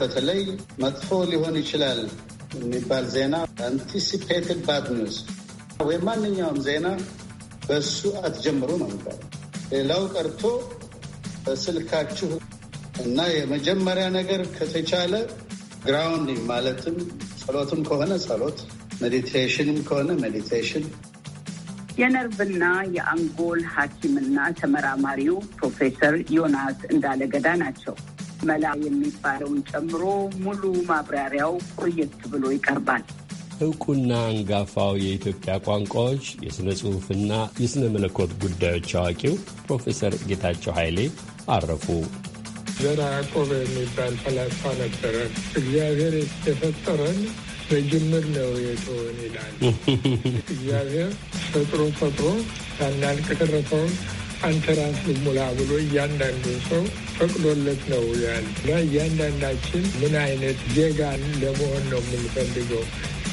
በተለይ መጥፎ ሊሆን ይችላል የሚባል ዜና አንቲሲፔትድ ባድ ኒውስ ወይም ማንኛውም ዜና በሱ አትጀምሩ ነው የሚባለው። ሌላው ቀርቶ በስልካችሁ እና የመጀመሪያ ነገር ከተቻለ ግራውንድ ማለትም ጸሎትም ከሆነ ጸሎት፣ ሜዲቴሽንም ከሆነ ሜዲቴሽን። የነርቭና የአንጎል ሐኪምና ተመራማሪው ፕሮፌሰር ዮናስ እንዳለገዳ ናቸው። መላ የሚባለውን ጨምሮ ሙሉ ማብራሪያው ቆየት ብሎ ይቀርባል። እውቁና አንጋፋው የኢትዮጵያ ቋንቋዎች የሥነ ጽሑፍና የሥነ መለኮት ጉዳዮች አዋቂው ፕሮፌሰር ጌታቸው ኃይሌ አረፉ። ዘራ ያዕቆብ የሚባል ፈላስፋ ነበረ። እግዚአብሔር የፈጠረን በጅምር ነው የትሆን ይላል። እግዚአብሔር ፈጥሮ ፈጥሮ ያናን ተረፈውን አንተ ራስህ ሙላ ብሎ እያንዳንዱ ሰው ፈቅዶለት ነው ያል እና እያንዳንዳችን ምን አይነት ዜጋን ለመሆን ነው የምንፈልገው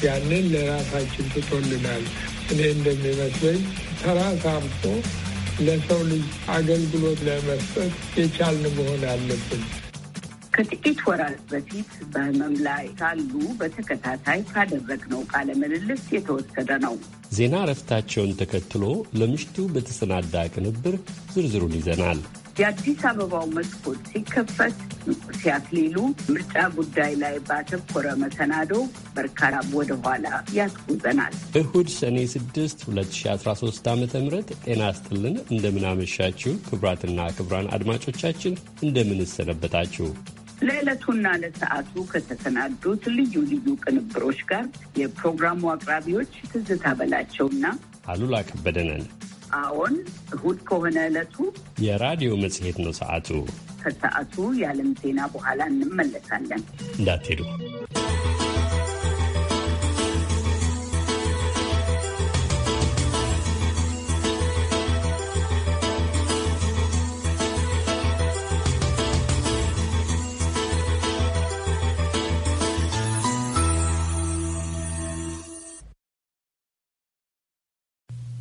ያንን ለራሳችን ትቶልናል። እኔ እንደሚመስለኝ ተራ ለሰው ልጅ አገልግሎት ለመስጠት የቻልን መሆን አለብን። ከጥቂት ወራት በፊት በህመም ላይ ካሉ በተከታታይ ካደረግነው ቃለ ምልልስ የተወሰደ ነው። ዜና እረፍታቸውን ተከትሎ ለምሽቱ በተሰናዳ ቅንብር ዝርዝሩን ይዘናል። የአዲስ አበባው መስኮት ሲከፈት ሲያክሊሉ ምርጫ ጉዳይ ላይ ባተኮረ መሰናዶ በርካታ ወደኋላ ያስጉዘናል። እሁድ ሰኔ 6 2013 ዓ ም ጤና ስትልን እንደምናመሻችው ክቡራትና ክቡራን አድማጮቻችን እንደምንሰነበታችሁ። ለዕለቱና ለሰዓቱ ከተሰናዱት ልዩ ልዩ ቅንብሮች ጋር የፕሮግራሙ አቅራቢዎች ትዝታ በላቸውና አሉላ ከበደ ነን። አዎን፣ እሁድ ከሆነ ዕለቱ የራዲዮ መጽሔት ነው። ሰዓቱ ከሰዓቱ የዓለም ዜና በኋላ እንመለሳለን። እንዳትሄዱ።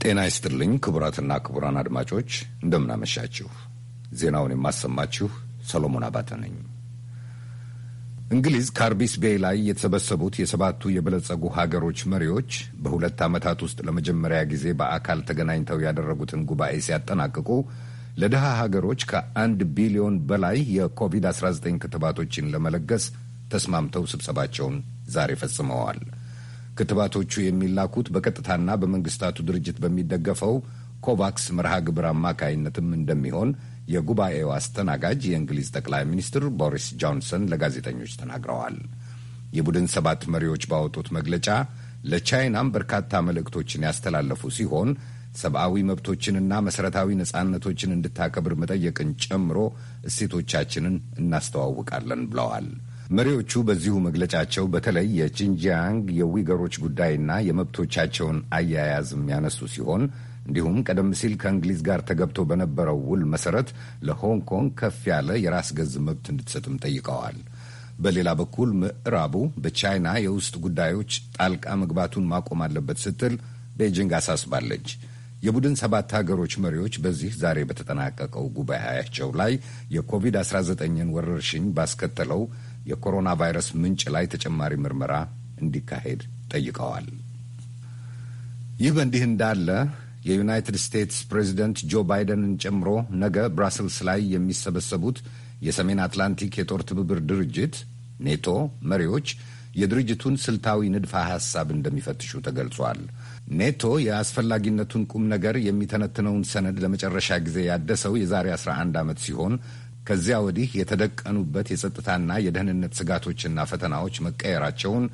ጤና ይስጥልኝ ክቡራትና ክቡራን አድማጮች እንደምናመሻችሁ። ዜናውን የማሰማችሁ ሰሎሞን አባተ ነኝ። እንግሊዝ ካርቢስ ቤይ ላይ የተሰበሰቡት የሰባቱ የበለጸጉ ሀገሮች መሪዎች በሁለት ዓመታት ውስጥ ለመጀመሪያ ጊዜ በአካል ተገናኝተው ያደረጉትን ጉባኤ ሲያጠናቅቁ ለድሃ ሀገሮች ከአንድ ቢሊዮን በላይ የኮቪድ-19 ክትባቶችን ለመለገስ ተስማምተው ስብሰባቸውን ዛሬ ፈጽመዋል። ክትባቶቹ የሚላኩት በቀጥታና በመንግስታቱ ድርጅት በሚደገፈው ኮቫክስ መርሃ ግብር አማካይነትም እንደሚሆን የጉባኤው አስተናጋጅ የእንግሊዝ ጠቅላይ ሚኒስትር ቦሪስ ጆንሰን ለጋዜጠኞች ተናግረዋል። የቡድን ሰባት መሪዎች ባወጡት መግለጫ ለቻይናም በርካታ መልእክቶችን ያስተላለፉ ሲሆን ሰብአዊ መብቶችንና መሰረታዊ ነጻነቶችን እንድታከብር መጠየቅን ጨምሮ እሴቶቻችንን እናስተዋውቃለን ብለዋል። መሪዎቹ በዚሁ መግለጫቸው በተለይ የቺንጂያንግ የዊገሮች ጉዳይና የመብቶቻቸውን አያያዝም ያነሱ ሲሆን እንዲሁም ቀደም ሲል ከእንግሊዝ ጋር ተገብቶ በነበረው ውል መሰረት ለሆንግ ኮንግ ከፍ ያለ የራስ ገዝ መብት እንድትሰጥም ጠይቀዋል። በሌላ በኩል ምዕራቡ በቻይና የውስጥ ጉዳዮች ጣልቃ መግባቱን ማቆም አለበት ስትል ቤጂንግ አሳስባለች። የቡድን ሰባት ሀገሮች መሪዎች በዚህ ዛሬ በተጠናቀቀው ጉባኤያቸው ላይ የኮቪድ-19ን ወረርሽኝ ባስከተለው የኮሮና ቫይረስ ምንጭ ላይ ተጨማሪ ምርመራ እንዲካሄድ ጠይቀዋል። ይህ በእንዲህ እንዳለ የዩናይትድ ስቴትስ ፕሬዚደንት ጆ ባይደንን ጨምሮ ነገ ብራስልስ ላይ የሚሰበሰቡት የሰሜን አትላንቲክ የጦር ትብብር ድርጅት ኔቶ መሪዎች የድርጅቱን ስልታዊ ንድፈ ሐሳብ እንደሚፈትሹ ተገልጿል። ኔቶ የአስፈላጊነቱን ቁም ነገር የሚተነትነውን ሰነድ ለመጨረሻ ጊዜ ያደሰው የዛሬ 11 ዓመት ሲሆን ከዚያ ወዲህ የተደቀኑበት የጸጥታና የደህንነት ስጋቶችና ፈተናዎች መቀየራቸውን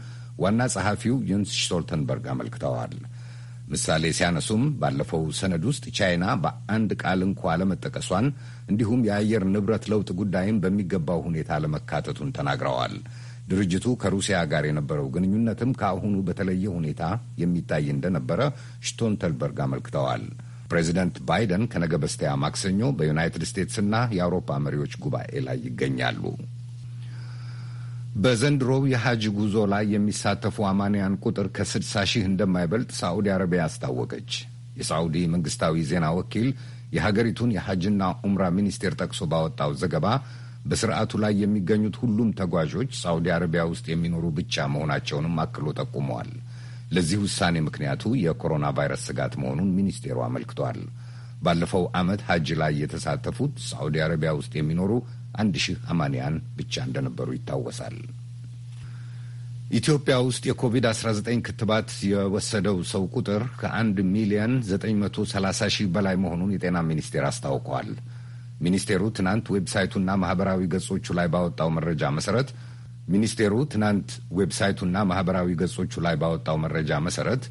ዋና ጸሐፊው ዩንስ ስቶልተንበርግ አመልክተዋል። ምሳሌ ሲያነሱም ባለፈው ሰነድ ውስጥ ቻይና በአንድ ቃል እንኳ አለመጠቀሷን እንዲሁም የአየር ንብረት ለውጥ ጉዳይም በሚገባው ሁኔታ ለመካተቱን ተናግረዋል። ድርጅቱ ከሩሲያ ጋር የነበረው ግንኙነትም ከአሁኑ በተለየ ሁኔታ የሚታይ እንደነበረ ሽቶልተንበርግ አመልክተዋል። ፕሬዚደንት ባይደን ከነገ በስቲያ ማክሰኞ በዩናይትድ ስቴትስና የአውሮፓ መሪዎች ጉባኤ ላይ ይገኛሉ። በዘንድሮው የሐጅ ጉዞ ላይ የሚሳተፉ አማንያን ቁጥር ከስድሳ ሺህ እንደማይበልጥ ሳዑዲ አረቢያ አስታወቀች። የሳዑዲ መንግስታዊ ዜና ወኪል የሀገሪቱን የሐጅና ዑምራ ሚኒስቴር ጠቅሶ ባወጣው ዘገባ በስርዓቱ ላይ የሚገኙት ሁሉም ተጓዦች ሳዑዲ አረቢያ ውስጥ የሚኖሩ ብቻ መሆናቸውንም አክሎ ጠቁመዋል። ለዚህ ውሳኔ ምክንያቱ የኮሮና ቫይረስ ስጋት መሆኑን ሚኒስቴሩ አመልክቷል። ባለፈው ዓመት ሀጅ ላይ የተሳተፉት ሳዑዲ አረቢያ ውስጥ የሚኖሩ አንድ ሺህ አማንያን ብቻ እንደነበሩ ይታወሳል። ኢትዮጵያ ውስጥ የኮቪድ-19 ክትባት የወሰደው ሰው ቁጥር ከአንድ ሚሊዮን 930 ሺህ በላይ መሆኑን የጤና ሚኒስቴር አስታውቋል። ሚኒስቴሩ ትናንት ዌብሳይቱና ማህበራዊ ገጾቹ ላይ ባወጣው መረጃ መሰረት ሚኒስቴሩ ትናንት ዌብሳይቱና ማህበራዊ ገጾቹ ላይ ባወጣው መረጃ መሰረት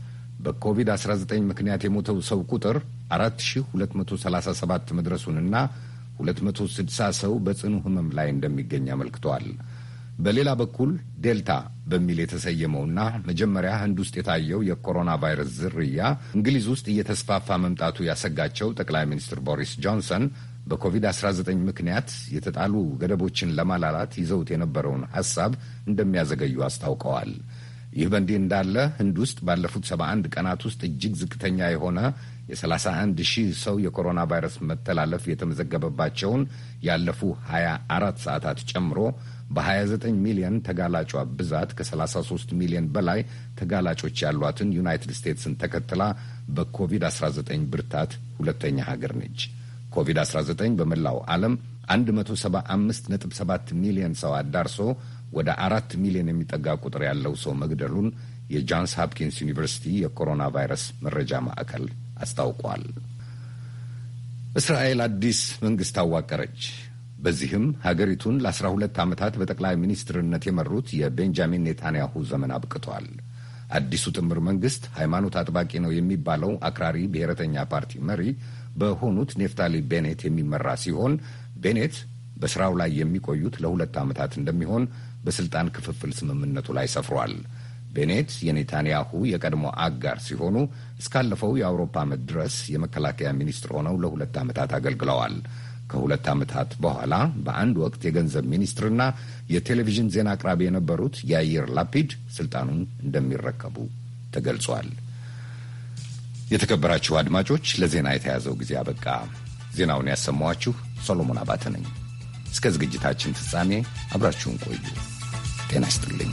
በኮቪድ-19 ምክንያት የሞተው ሰው ቁጥር 4237 መድረሱንና 260 ሰው በጽኑ ህመም ላይ እንደሚገኝ አመልክቷል። በሌላ በኩል ዴልታ በሚል የተሰየመውና መጀመሪያ ህንድ ውስጥ የታየው የኮሮና ቫይረስ ዝርያ እንግሊዝ ውስጥ እየተስፋፋ መምጣቱ ያሰጋቸው ጠቅላይ ሚኒስትር ቦሪስ ጆንሰን በኮቪድ-19 ምክንያት የተጣሉ ገደቦችን ለማላላት ይዘውት የነበረውን ሀሳብ እንደሚያዘገዩ አስታውቀዋል። ይህ በእንዲህ እንዳለ ህንድ ውስጥ ባለፉት 71 ቀናት ውስጥ እጅግ ዝቅተኛ የሆነ የ31 ሺህ ሰው የኮሮና ቫይረስ መተላለፍ የተመዘገበባቸውን ያለፉ 24 ሰዓታት ጨምሮ በ29 ሚሊዮን ተጋላጯ ብዛት ከ33 ሚሊዮን በላይ ተጋላጮች ያሏትን ዩናይትድ ስቴትስን ተከትላ በኮቪድ-19 ብርታት ሁለተኛ ሀገር ነች። ኮቪድ-19 በመላው ዓለም 175.7 ሚሊዮን ሰው አዳርሶ ወደ አራት ሚሊዮን የሚጠጋ ቁጥር ያለው ሰው መግደሉን የጃንስ ሀፕኪንስ ዩኒቨርሲቲ የኮሮና ቫይረስ መረጃ ማዕከል አስታውቋል። እስራኤል አዲስ መንግስት አዋቀረች። በዚህም ሀገሪቱን ለአስራ ሁለት ዓመታት በጠቅላይ ሚኒስትርነት የመሩት የቤንጃሚን ኔታንያሁ ዘመን አብቅቷል። አዲሱ ጥምር መንግስት ሃይማኖት አጥባቂ ነው የሚባለው አክራሪ ብሔረተኛ ፓርቲ መሪ በሆኑት ኔፍታሊ ቤኔት የሚመራ ሲሆን ቤኔት በስራው ላይ የሚቆዩት ለሁለት ዓመታት እንደሚሆን በስልጣን ክፍፍል ስምምነቱ ላይ ሰፍሯል። ቤኔት የኔታንያሁ የቀድሞ አጋር ሲሆኑ እስካለፈው የአውሮፓ ዓመት ድረስ የመከላከያ ሚኒስትር ሆነው ለሁለት ዓመታት አገልግለዋል። ከሁለት ዓመታት በኋላ በአንድ ወቅት የገንዘብ ሚኒስትርና የቴሌቪዥን ዜና አቅራቢ የነበሩት የአየር ላፒድ ስልጣኑን እንደሚረከቡ ተገልጿል። የተከበራችሁ አድማጮች ለዜና የተያዘው ጊዜ አበቃ። ዜናውን ያሰማኋችሁ ሰሎሞን አባተ ነኝ። እስከ ዝግጅታችን ፍጻሜ አብራችሁን ቆዩ። ጤና ይስጥልኝ።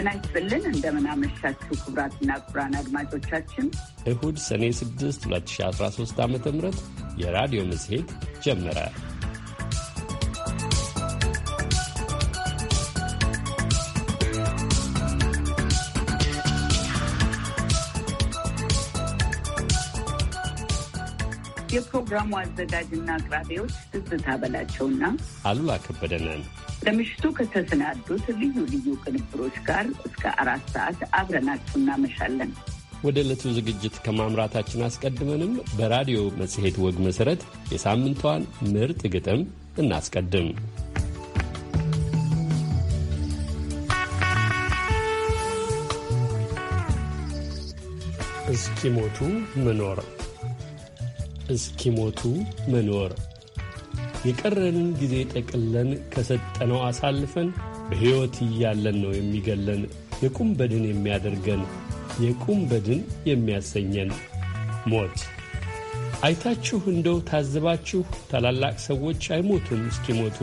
ጤና ይስጥልን እንደምናመሻችሁ ክቡራትና ክቡራን አድማጮቻችን እሁድ ሰኔ 6 2013 ዓ ም የራዲዮ መጽሔት ጀመረ። የፕሮግራሙ አዘጋጅና አቅራቢዎች ትዝታ በላቸውና አሉላ ከበደ ነን። ለምሽቱ ከተሰናዱት ልዩ ልዩ ቅንብሮች ጋር እስከ አራት ሰዓት አብረናችሁ እናመሻለን። ወደ ዕለቱ ዝግጅት ከማምራታችን አስቀድመንም በራዲዮ መጽሔት ወግ መሠረት የሳምንቷን ምርጥ ግጥም እናስቀድም። እስኪሞቱ መኖር እስኪሞቱ መኖር የቀረንን ጊዜ ጠቅለን ከሰጠነው አሳልፈን በሕይወት እያለን ነው የሚገለን የቁም በድን የሚያደርገን የቁም በድን የሚያሰኘን ሞት። አይታችሁ እንደው ታዝባችሁ ታላላቅ ሰዎች አይሞቱም እስኪሞቱ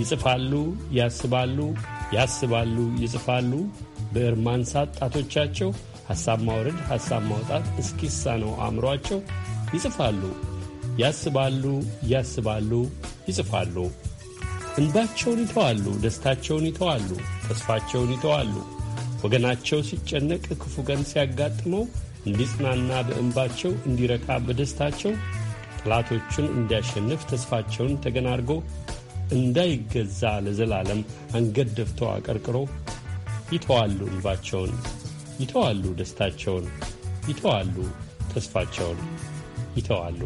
ይጽፋሉ፣ ያስባሉ፣ ያስባሉ፣ ይጽፋሉ። ብዕር ማንሳት ጣቶቻቸው፣ ሐሳብ ማውረድ፣ ሐሳብ ማውጣት እስኪሳነው አእምሯቸው ይጽፋሉ ያስባሉ፣ ያስባሉ፣ ይጽፋሉ። እንባቸውን ይተዋሉ፣ ደስታቸውን ይተዋሉ፣ ተስፋቸውን ይተዋሉ። ወገናቸው ሲጨነቅ፣ ክፉ ቀን ሲያጋጥመው እንዲጽናና በእንባቸው እንዲረካ በደስታቸው ጠላቶቹን እንዲያሸንፍ ተስፋቸውን ተገናርጎ እንዳይገዛ ለዘላለም አንገት ደፍተው አቀርቅሮ ይተዋሉ እንባቸውን፣ ይተዋሉ ደስታቸውን፣ ይተዋሉ ተስፋቸውን፣ ይተዋሉ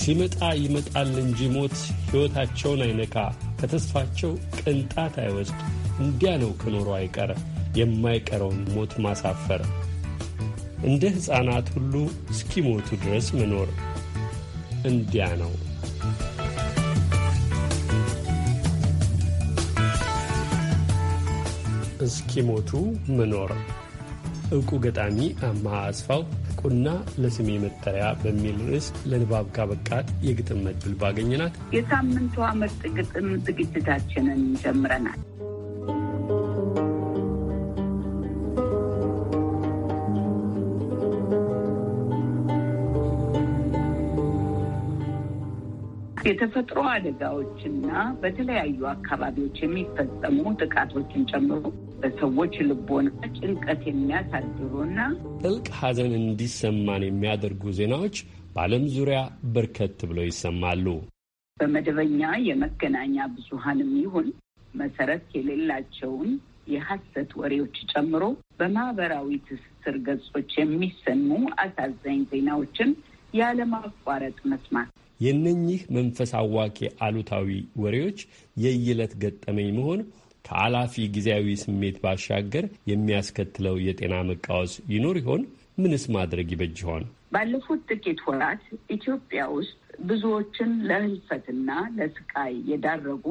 ሲመጣ ይመጣል እንጂ ሞት ሕይወታቸውን አይነካ፣ ከተስፋቸው ቅንጣት አይወስድ። እንዲያ ነው ከኖሮ አይቀር የማይቀረውን ሞት ማሳፈር፣ እንደ ሕፃናት ሁሉ እስኪሞቱ ድረስ መኖር። እንዲያ ነው እስኪሞቱ መኖር። ዕውቁ ገጣሚ አማ አስፋው ቁና ለስሜ መጠሪያ በሚል ርዕስ ለንባብ ካበቃት የግጥም መድብል ባገኘናት የሳምንቷ ምርጥ ግጥም ዝግጅታችንን ጀምረናል። የተፈጥሮ አደጋዎችና በተለያዩ አካባቢዎች የሚፈጸሙ ጥቃቶችን ጨምሮ በሰዎች ልቦና ጭንቀት የሚያሳድሩና ጥልቅ ሐዘን እንዲሰማን የሚያደርጉ ዜናዎች በዓለም ዙሪያ በርከት ብለው ይሰማሉ። በመደበኛ የመገናኛ ብዙሃንም ይሁን መሰረት የሌላቸውን የሐሰት ወሬዎች ጨምሮ በማህበራዊ ትስስር ገጾች የሚሰሙ አሳዛኝ ዜናዎችን ያለማቋረጥ መስማት የእነኚህ መንፈስ አዋቂ አሉታዊ ወሬዎች የይለት ገጠመኝ መሆን ከአላፊ ጊዜያዊ ስሜት ባሻገር የሚያስከትለው የጤና መቃወስ ይኖር ይሆን? ምንስ ማድረግ ይበጅ ይሆን? ባለፉት ጥቂት ወራት ኢትዮጵያ ውስጥ ብዙዎችን ለህልፈትና ለስቃይ የዳረጉ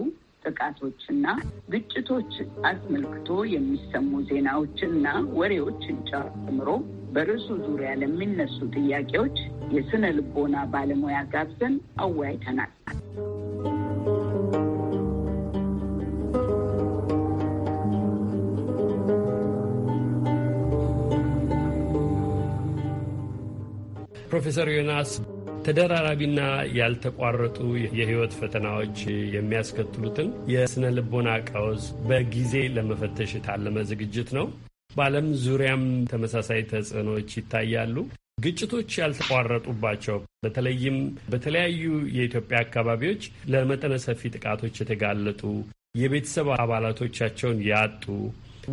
ጥቃቶችና ግጭቶች አስመልክቶ የሚሰሙ ዜናዎችና ወሬዎችን ጨምሮ በርዕሱ ዙሪያ ለሚነሱ ጥያቄዎች የስነ ልቦና ባለሙያ ጋብዘን አወያይተናል። ፕሮፌሰር ዮናስ ተደራራቢና ያልተቋረጡ የህይወት ፈተናዎች የሚያስከትሉትን የስነ ልቦና ቀውስ በጊዜ ለመፈተሽ የታለመ ዝግጅት ነው። በዓለም ዙሪያም ተመሳሳይ ተጽዕኖዎች ይታያሉ። ግጭቶች ያልተቋረጡባቸው በተለይም በተለያዩ የኢትዮጵያ አካባቢዎች ለመጠነ ሰፊ ጥቃቶች የተጋለጡ የቤተሰብ አባላቶቻቸውን ያጡ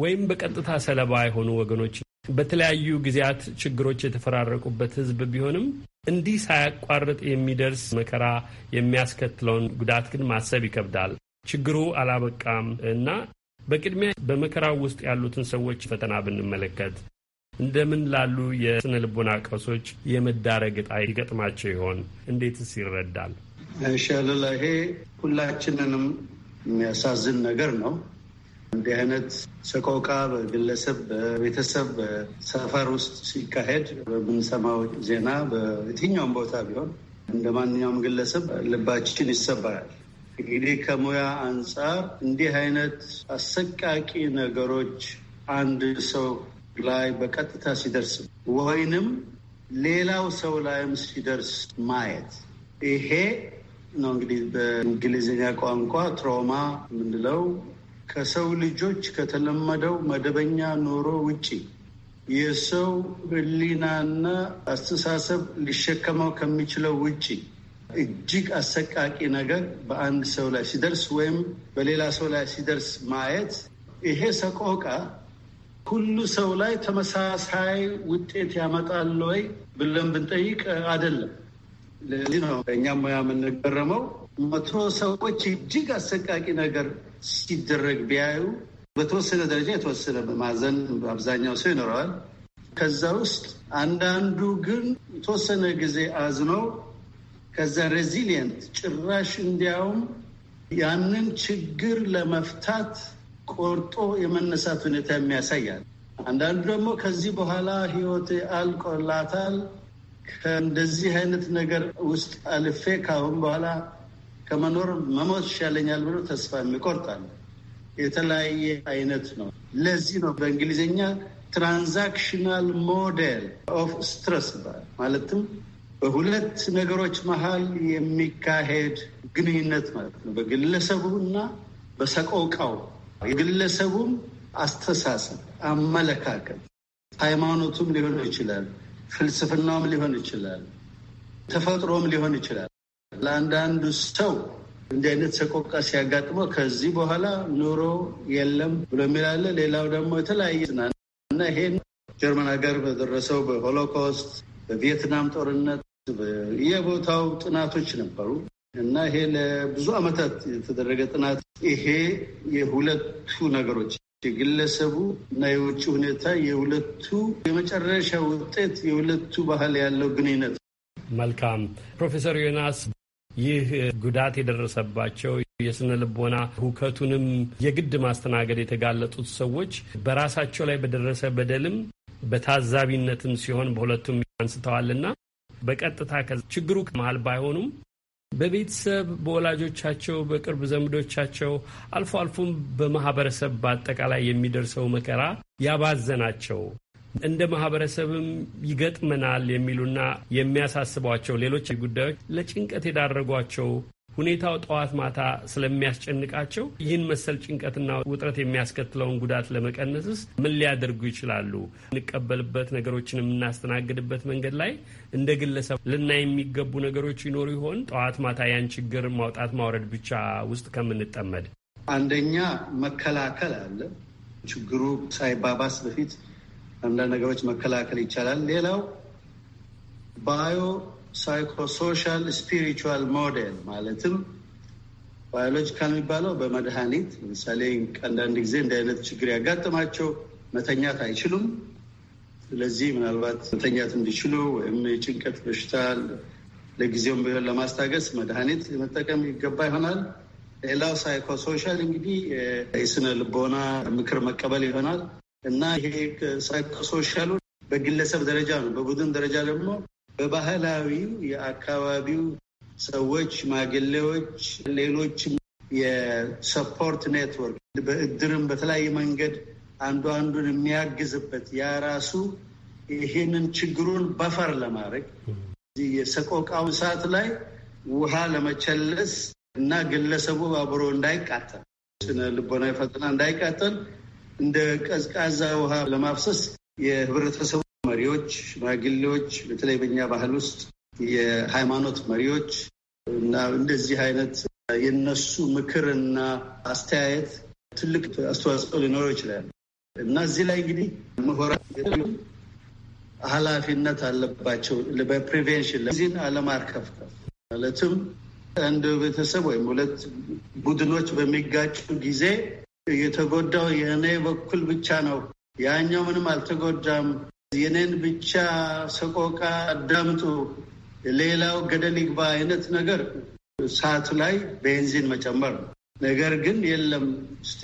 ወይም በቀጥታ ሰለባ የሆኑ ወገኖች በተለያዩ ጊዜያት ችግሮች የተፈራረቁበት ህዝብ ቢሆንም እንዲህ ሳያቋርጥ የሚደርስ መከራ የሚያስከትለውን ጉዳት ግን ማሰብ ይከብዳል። ችግሩ አላበቃም እና በቅድሚያ በመከራው ውስጥ ያሉትን ሰዎች ፈተና ብንመለከት እንደምን ላሉ የስነ ልቦና ቀውሶች የመዳረግ ዕጣ ይገጥማቸው ይሆን? እንዴትስ ይረዳል? ሸልላ ይሄ ሁላችንንም የሚያሳዝን ነገር ነው። እንዲህ አይነት ሰቆቃ በግለሰብ በቤተሰብ በሰፈር ውስጥ ሲካሄድ በምንሰማው ዜና በየትኛውም ቦታ ቢሆን እንደ ማንኛውም ግለሰብ ልባችን ይሰበራል። እንግዲህ ከሙያ አንጻር እንዲህ አይነት አሰቃቂ ነገሮች አንድ ሰው ላይ በቀጥታ ሲደርስ ወይንም ሌላው ሰው ላይም ሲደርስ ማየት ይሄ ነው እንግዲህ በእንግሊዝኛ ቋንቋ ትሮማ የምንለው ከሰው ልጆች ከተለመደው መደበኛ ኑሮ ውጪ የሰው ሕሊናና አስተሳሰብ ሊሸከመው ከሚችለው ውጪ እጅግ አሰቃቂ ነገር በአንድ ሰው ላይ ሲደርስ ወይም በሌላ ሰው ላይ ሲደርስ ማየት ይሄ ሰቆቃ ሁሉ ሰው ላይ ተመሳሳይ ውጤት ያመጣል ወይ ብለን ብንጠይቅ አይደለም። ለዚህ ነው እኛ ሙያ የምንገረመው መቶ ሰዎች እጅግ አሰቃቂ ነገር ሲደረግ ቢያዩ በተወሰነ ደረጃ የተወሰነ ማዘን አብዛኛው ሰው ይኖረዋል። ከዛ ውስጥ አንዳንዱ ግን የተወሰነ ጊዜ አዝኖ ከዛ ሬዚሊየንት ጭራሽ እንዲያውም ያንን ችግር ለመፍታት ቆርጦ የመነሳት ሁኔታ የሚያሳያል። አንዳንዱ ደግሞ ከዚህ በኋላ ህይወት አልቆላታል ከእንደዚህ አይነት ነገር ውስጥ አልፌ ካሁን በኋላ ከመኖር መሞት ይሻለኛል ብሎ ተስፋ የሚቆርጣል። የተለያየ አይነት ነው። ለዚህ ነው በእንግሊዝኛ ትራንዛክሽናል ሞዴል ኦፍ ስትረስ ማለትም በሁለት ነገሮች መሀል የሚካሄድ ግንኙነት ማለት ነው። በግለሰቡ እና በሰቆቃው የግለሰቡም አስተሳሰብ፣ አመለካከት፣ ሃይማኖቱም ሊሆን ይችላል፣ ፍልስፍናውም ሊሆን ይችላል፣ ተፈጥሮም ሊሆን ይችላል። ለአንዳንዱ ሰው እንዲህ አይነት ሰቆቃ ሲያጋጥመው ከዚህ በኋላ ኑሮ የለም ብሎ የሚላለ፣ ሌላው ደግሞ የተለያየ እና ይሄን ጀርመን ሀገር በደረሰው በሆሎኮስት በቪየትናም ጦርነት የቦታው ጥናቶች ነበሩ እና ይሄ ለብዙ ዓመታት የተደረገ ጥናት ይሄ የሁለቱ ነገሮች የግለሰቡ እና የውጭ ሁኔታ የሁለቱ የመጨረሻ ውጤት የሁለቱ ባህል ያለው ግንኙነት መልካም ፕሮፌሰር ዮናስ ይህ ጉዳት የደረሰባቸው የስነ ልቦና ሁከቱንም የግድ ማስተናገድ የተጋለጡት ሰዎች በራሳቸው ላይ በደረሰ በደልም በታዛቢነትም ሲሆን በሁለቱም አንስተዋልና በቀጥታ ችግሩ መሀል ባይሆኑም በቤተሰብ በወላጆቻቸው፣ በቅርብ ዘመዶቻቸው አልፎ አልፎም በማህበረሰብ በአጠቃላይ የሚደርሰው መከራ ያባዘናቸው እንደ ማህበረሰብም ይገጥመናል የሚሉና የሚያሳስቧቸው ሌሎች ጉዳዮች ለጭንቀት የዳረጓቸው ሁኔታው ጠዋት ማታ ስለሚያስጨንቃቸው ይህን መሰል ጭንቀትና ውጥረት የሚያስከትለውን ጉዳት ለመቀነስስ ምን ሊያደርጉ ይችላሉ? እንቀበልበት ነገሮችን የምናስተናግድበት መንገድ ላይ እንደ ግለሰብ ልናይ የሚገቡ ነገሮች ይኖሩ ይሆን? ጠዋት ማታ ያን ችግር ማውጣት ማውረድ ብቻ ውስጥ ከምንጠመድ አንደኛ መከላከል አለ። ችግሩ ሳይባባስ በፊት አንዳንድ ነገሮች መከላከል ይቻላል። ሌላው ባዮ ሳይኮሶሻል ስፒሪቹዋል ሞዴል ማለትም ባዮሎጂካል የሚባለው በመድኃኒት ለምሳሌ አንዳንድ ጊዜ እንደ አይነት ችግር ያጋጥማቸው መተኛት አይችሉም። ስለዚህ ምናልባት መተኛት እንዲችሉ ወይም የጭንቀት በሽታ ለጊዜውም ቢሆን ለማስታገስ መድኃኒት መጠቀም ይገባ ይሆናል። ሌላው ሳይኮሶሻል እንግዲህ የስነ ልቦና ምክር መቀበል ይሆናል። እና ይሄ ሳይኮሶሻሉ በግለሰብ ደረጃ ነው። በቡድን ደረጃ ደግሞ በባህላዊው የአካባቢው ሰዎች፣ ሽማግሌዎች፣ ሌሎችም የሰፖርት ኔትወርክ በእድርም በተለያየ መንገድ አንዱ አንዱን የሚያግዝበት ያ ራሱ ይህንን ችግሩን በፈር ለማድረግ የሰቆቃው ሰዓት ላይ ውሃ ለመቸለስ እና ግለሰቡ አብሮ እንዳይቃጠል ስነ ልቦናዊ ፈተና እንዳይቃጠል እንደ ቀዝቃዛ ውሃ ለማፍሰስ የህብረተሰቡ መሪዎች፣ ሽማግሌዎች፣ በተለይ በኛ ባህል ውስጥ የሃይማኖት መሪዎች እና እንደዚህ አይነት የነሱ ምክር እና አስተያየት ትልቅ አስተዋጽኦ ሊኖረው ይችላል እና እዚህ ላይ እንግዲህ ምሁራን ኃላፊነት አለባቸው። በፕሪቬንሽን ዚህን አለማርከፍከፍ ማለትም አንድ ቤተሰብ ወይም ሁለት ቡድኖች በሚጋጩ ጊዜ የተጎዳው የእኔ በኩል ብቻ ነው፣ ያኛው ምንም አልተጎዳም፣ የኔን ብቻ ሰቆቃ አዳምጡ፣ ሌላው ገደል ይግባ አይነት ነገር እሳቱ ላይ ቤንዚን መጨመር ነው። ነገር ግን የለም እስቲ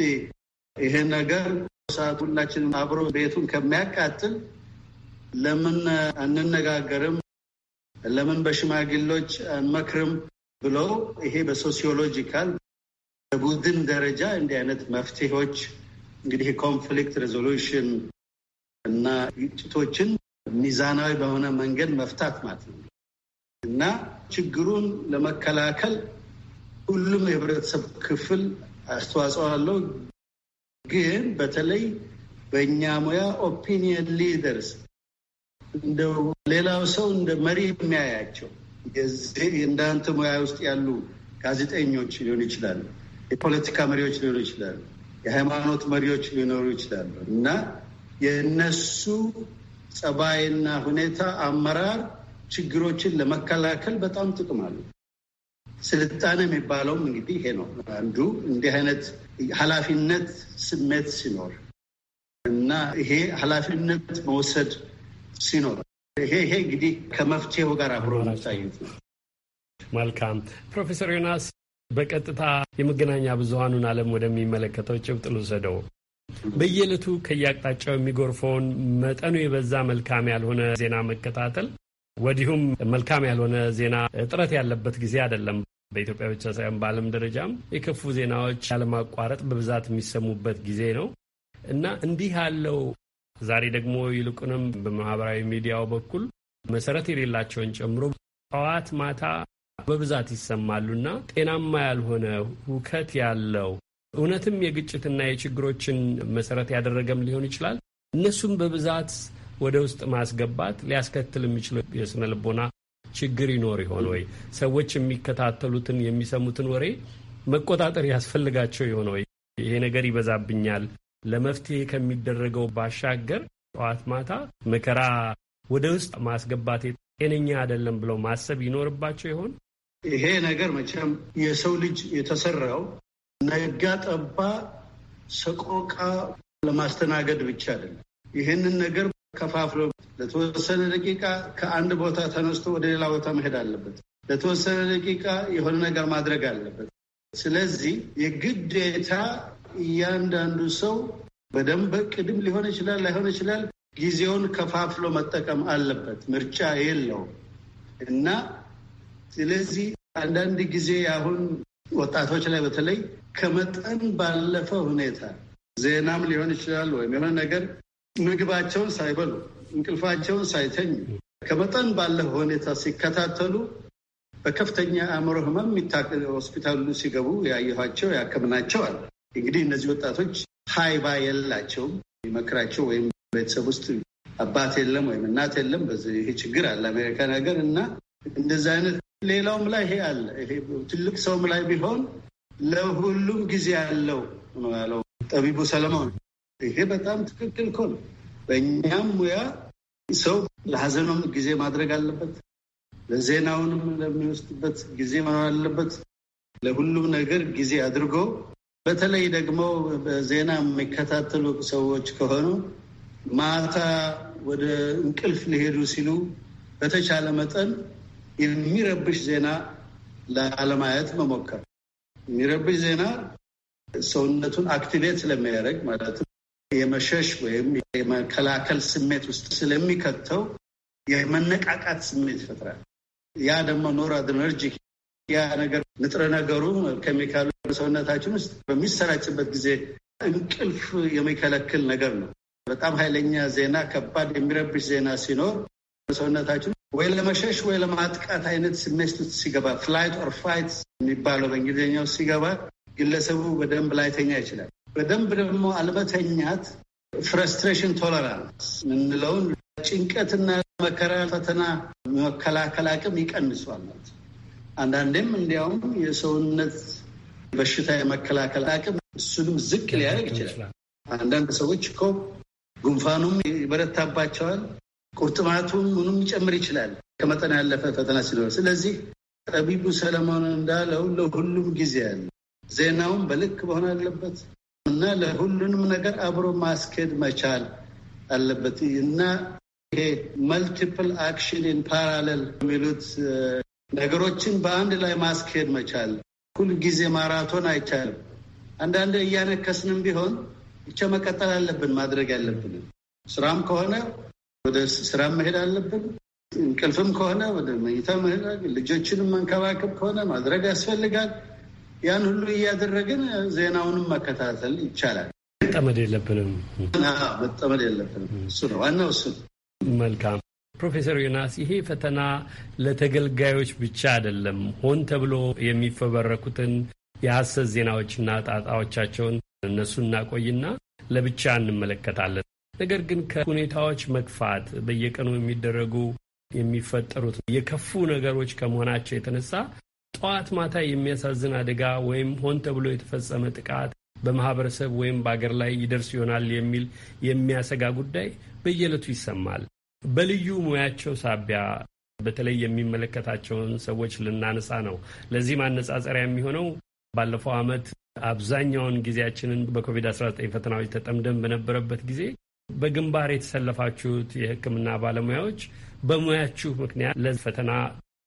ይሄ ነገር እሳቱ ሁላችንም አብሮ ቤቱን ከሚያቃጥል ለምን አንነጋገርም? ለምን በሽማግሎች አንመክርም? ብሎ ይሄ በሶሲዮሎጂካል በቡድን ደረጃ እንዲህ አይነት መፍትሄዎች እንግዲህ የኮንፍሊክት ሬዞሉሽን እና ግጭቶችን ሚዛናዊ በሆነ መንገድ መፍታት ማለት ነው እና ችግሩን ለመከላከል ሁሉም የህብረተሰብ ክፍል አስተዋጽኦ አለው። ግን በተለይ በእኛ ሙያ ኦፒኒየን ሊደርስ እንደ ሌላው ሰው እንደ መሪ የሚያያቸው እንዳንተ ሙያ ውስጥ ያሉ ጋዜጠኞች ሊሆን ይችላሉ የፖለቲካ መሪዎች ሊኖሩ ይችላሉ፣ የሃይማኖት መሪዎች ሊኖሩ ይችላሉ እና የእነሱ ጸባይና ሁኔታ አመራር ችግሮችን ለመከላከል በጣም ጥቅም አሉ። ስልጣን የሚባለውም እንግዲህ ይሄ ነው። አንዱ እንዲህ አይነት ኃላፊነት ስሜት ሲኖር እና ይሄ ኃላፊነት መውሰድ ሲኖር ይሄ ይሄ እንግዲህ ከመፍትሄው ጋር አብሮ መታየት ነው። መልካም ፕሮፌሰር ዮናስ በቀጥታ የመገናኛ ብዙሀኑን ዓለም ወደሚመለከተው ጭብጥ ልውሰደው። በየዕለቱ ከየአቅጣጫው የሚጎርፈውን መጠኑ የበዛ መልካም ያልሆነ ዜና መከታተል ወዲሁም መልካም ያልሆነ ዜና እጥረት ያለበት ጊዜ አይደለም። በኢትዮጵያ ብቻ ሳይሆን በዓለም ደረጃም የከፉ ዜናዎች ያለማቋረጥ በብዛት የሚሰሙበት ጊዜ ነው እና እንዲህ ያለው ዛሬ ደግሞ ይልቁንም በማህበራዊ ሚዲያው በኩል መሰረት የሌላቸውን ጨምሮ ጠዋት ማታ በብዛት ይሰማሉና ጤናማ ያልሆነ ሁከት ያለው እውነትም የግጭትና የችግሮችን መሰረት ያደረገም ሊሆን ይችላል። እነሱም በብዛት ወደ ውስጥ ማስገባት ሊያስከትል የሚችለው የስነ ልቦና ችግር ይኖር ይሆን ወይ? ሰዎች የሚከታተሉትን የሚሰሙትን ወሬ መቆጣጠር ያስፈልጋቸው ይሆን ወይ? ይሄ ነገር ይበዛብኛል ለመፍትሄ ከሚደረገው ባሻገር ጠዋት ማታ መከራ ወደ ውስጥ ማስገባት ጤነኛ አይደለም ብለው ማሰብ ይኖርባቸው ይሆን? ይሄ ነገር መቼም የሰው ልጅ የተሰራው ነጋ ጠባ ሰቆቃ ለማስተናገድ ብቻ አይደለም። ይህንን ነገር ከፋፍሎ ለተወሰነ ደቂቃ ከአንድ ቦታ ተነስቶ ወደ ሌላ ቦታ መሄድ አለበት። ለተወሰነ ደቂቃ የሆነ ነገር ማድረግ አለበት። ስለዚህ የግዴታ እያንዳንዱ ሰው በደንብ ቅድም ሊሆን ይችላል ላይሆን ይችላል፣ ጊዜውን ከፋፍሎ መጠቀም አለበት። ምርጫ የለውም እና ስለዚህ አንዳንድ ጊዜ አሁን ወጣቶች ላይ በተለይ ከመጠን ባለፈ ሁኔታ ዜናም ሊሆን ይችላል ወይም የሆነ ነገር ምግባቸውን ሳይበሉ እንቅልፋቸውን ሳይተኙ ከመጠን ባለፈ ሁኔታ ሲከታተሉ በከፍተኛ አእምሮ ህመም ሆስፒታሉ ሲገቡ ያየኋቸው ያከምናቸው አለ። እንግዲህ እነዚህ ወጣቶች ሀይባ የላቸውም የሚመክራቸው ወይም ቤተሰብ ውስጥ አባት የለም ወይም እናት የለም። በዚህ ችግር አለ አሜሪካ ነገር እና እንደዚህ አይነት ሌላውም ላይ ይሄ አለ። ትልቅ ሰውም ላይ ቢሆን ለሁሉም ጊዜ ያለው ነው ያለው ጠቢቡ ሰለሞን። ይሄ በጣም ትክክል እኮ ነው። በእኛም ሙያ ሰው ለሀዘኑም ጊዜ ማድረግ አለበት፣ ለዜናውንም ለሚወስድበት ጊዜ መኖር አለበት። ለሁሉም ነገር ጊዜ አድርጎ በተለይ ደግሞ በዜና የሚከታተሉ ሰዎች ከሆኑ ማታ ወደ እንቅልፍ ሊሄዱ ሲሉ በተቻለ መጠን የሚረብሽ ዜና ላለማየት መሞከር። የሚረብሽ ዜና ሰውነቱን አክቲቬት ስለሚያደርግ ማለትም የመሸሽ ወይም የመከላከል ስሜት ውስጥ ስለሚከተው የመነቃቃት ስሜት ይፈጥራል። ያ ደግሞ ኖር አድነርጂ ያ ነገር ንጥረ ነገሩ ኬሚካሉ ሰውነታችን ውስጥ በሚሰራጭበት ጊዜ እንቅልፍ የሚከለክል ነገር ነው። በጣም ኃይለኛ ዜና፣ ከባድ የሚረብሽ ዜና ሲኖር ሰውነታችን ወይ ለመሸሽ ወይ ለማጥቃት አይነት ስሜት ሲገባ ፍላይት ኦር ፋይት የሚባለው በእንግሊዝኛው ሲገባ ግለሰቡ በደንብ ላይተኛ ይችላል። በደንብ ደግሞ አልበተኛት ፍረስትሬሽን ቶለራንስ የምንለውን ጭንቀትና መከራ ፈተና መከላከል አቅም ይቀንሷል። አንዳንዴም እንዲያውም የሰውነት በሽታ የመከላከል አቅም እሱንም ዝቅ ሊያደርግ ይችላል። አንዳንድ ሰዎች እኮ ጉንፋኑም ይበረታባቸዋል፣ ቁርጥማቱም ምኑም ሊጨምር ይችላል ከመጠን ያለፈ ፈተና ሲኖር። ስለዚህ ጠቢቡ ሰለሞን እንዳለው ለሁሉም ጊዜ አለ። ዜናውም በልክ መሆን አለበት እና ለሁሉንም ነገር አብሮ ማስኬድ መቻል አለበት እና ይሄ መልቲፕል አክሽን ኢን ፓራሌል የሚሉት uh, ነገሮችን በአንድ ላይ ማስኬድ መቻል። ሁል ጊዜ ማራቶን አይቻልም። አንዳንድ እያነከስንም ቢሆን ብቻ መቀጠል አለብን ማድረግ ያለብን ስራም ከሆነ ወደ ስራ መሄድ አለብን። እንቅልፍም ከሆነ ወደ መኝታ መሄድ፣ ልጆችንም መንከባከብ ከሆነ ማድረግ ያስፈልጋል። ያን ሁሉ እያደረግን ዜናውንም መከታተል ይቻላል። መጠመድ የለብንም፣ መጠመድ የለብንም። እሱ ነው ዋናው። እሱ መልካም ፕሮፌሰር ዮናስ ይሄ ፈተና ለተገልጋዮች ብቻ አይደለም። ሆን ተብሎ የሚፈበረኩትን የሐሰት ዜናዎችና ጣጣዎቻቸውን እነሱ እናቆይና ለብቻ እንመለከታለን። ነገር ግን ከሁኔታዎች መክፋት በየቀኑ የሚደረጉ የሚፈጠሩት የከፉ ነገሮች ከመሆናቸው የተነሳ ጠዋት ማታ የሚያሳዝን አደጋ ወይም ሆን ተብሎ የተፈጸመ ጥቃት በማህበረሰብ ወይም በአገር ላይ ይደርስ ይሆናል የሚል የሚያሰጋ ጉዳይ በየዕለቱ ይሰማል። በልዩ ሙያቸው ሳቢያ በተለይ የሚመለከታቸውን ሰዎች ልናነሳ ነው። ለዚህ ማነጻጸሪያ የሚሆነው ባለፈው ዓመት አብዛኛውን ጊዜያችንን በኮቪድ-19 ፈተናዎች ተጠምደን በነበረበት ጊዜ በግንባር የተሰለፋችሁት የሕክምና ባለሙያዎች በሙያችሁ ምክንያት ለፈተና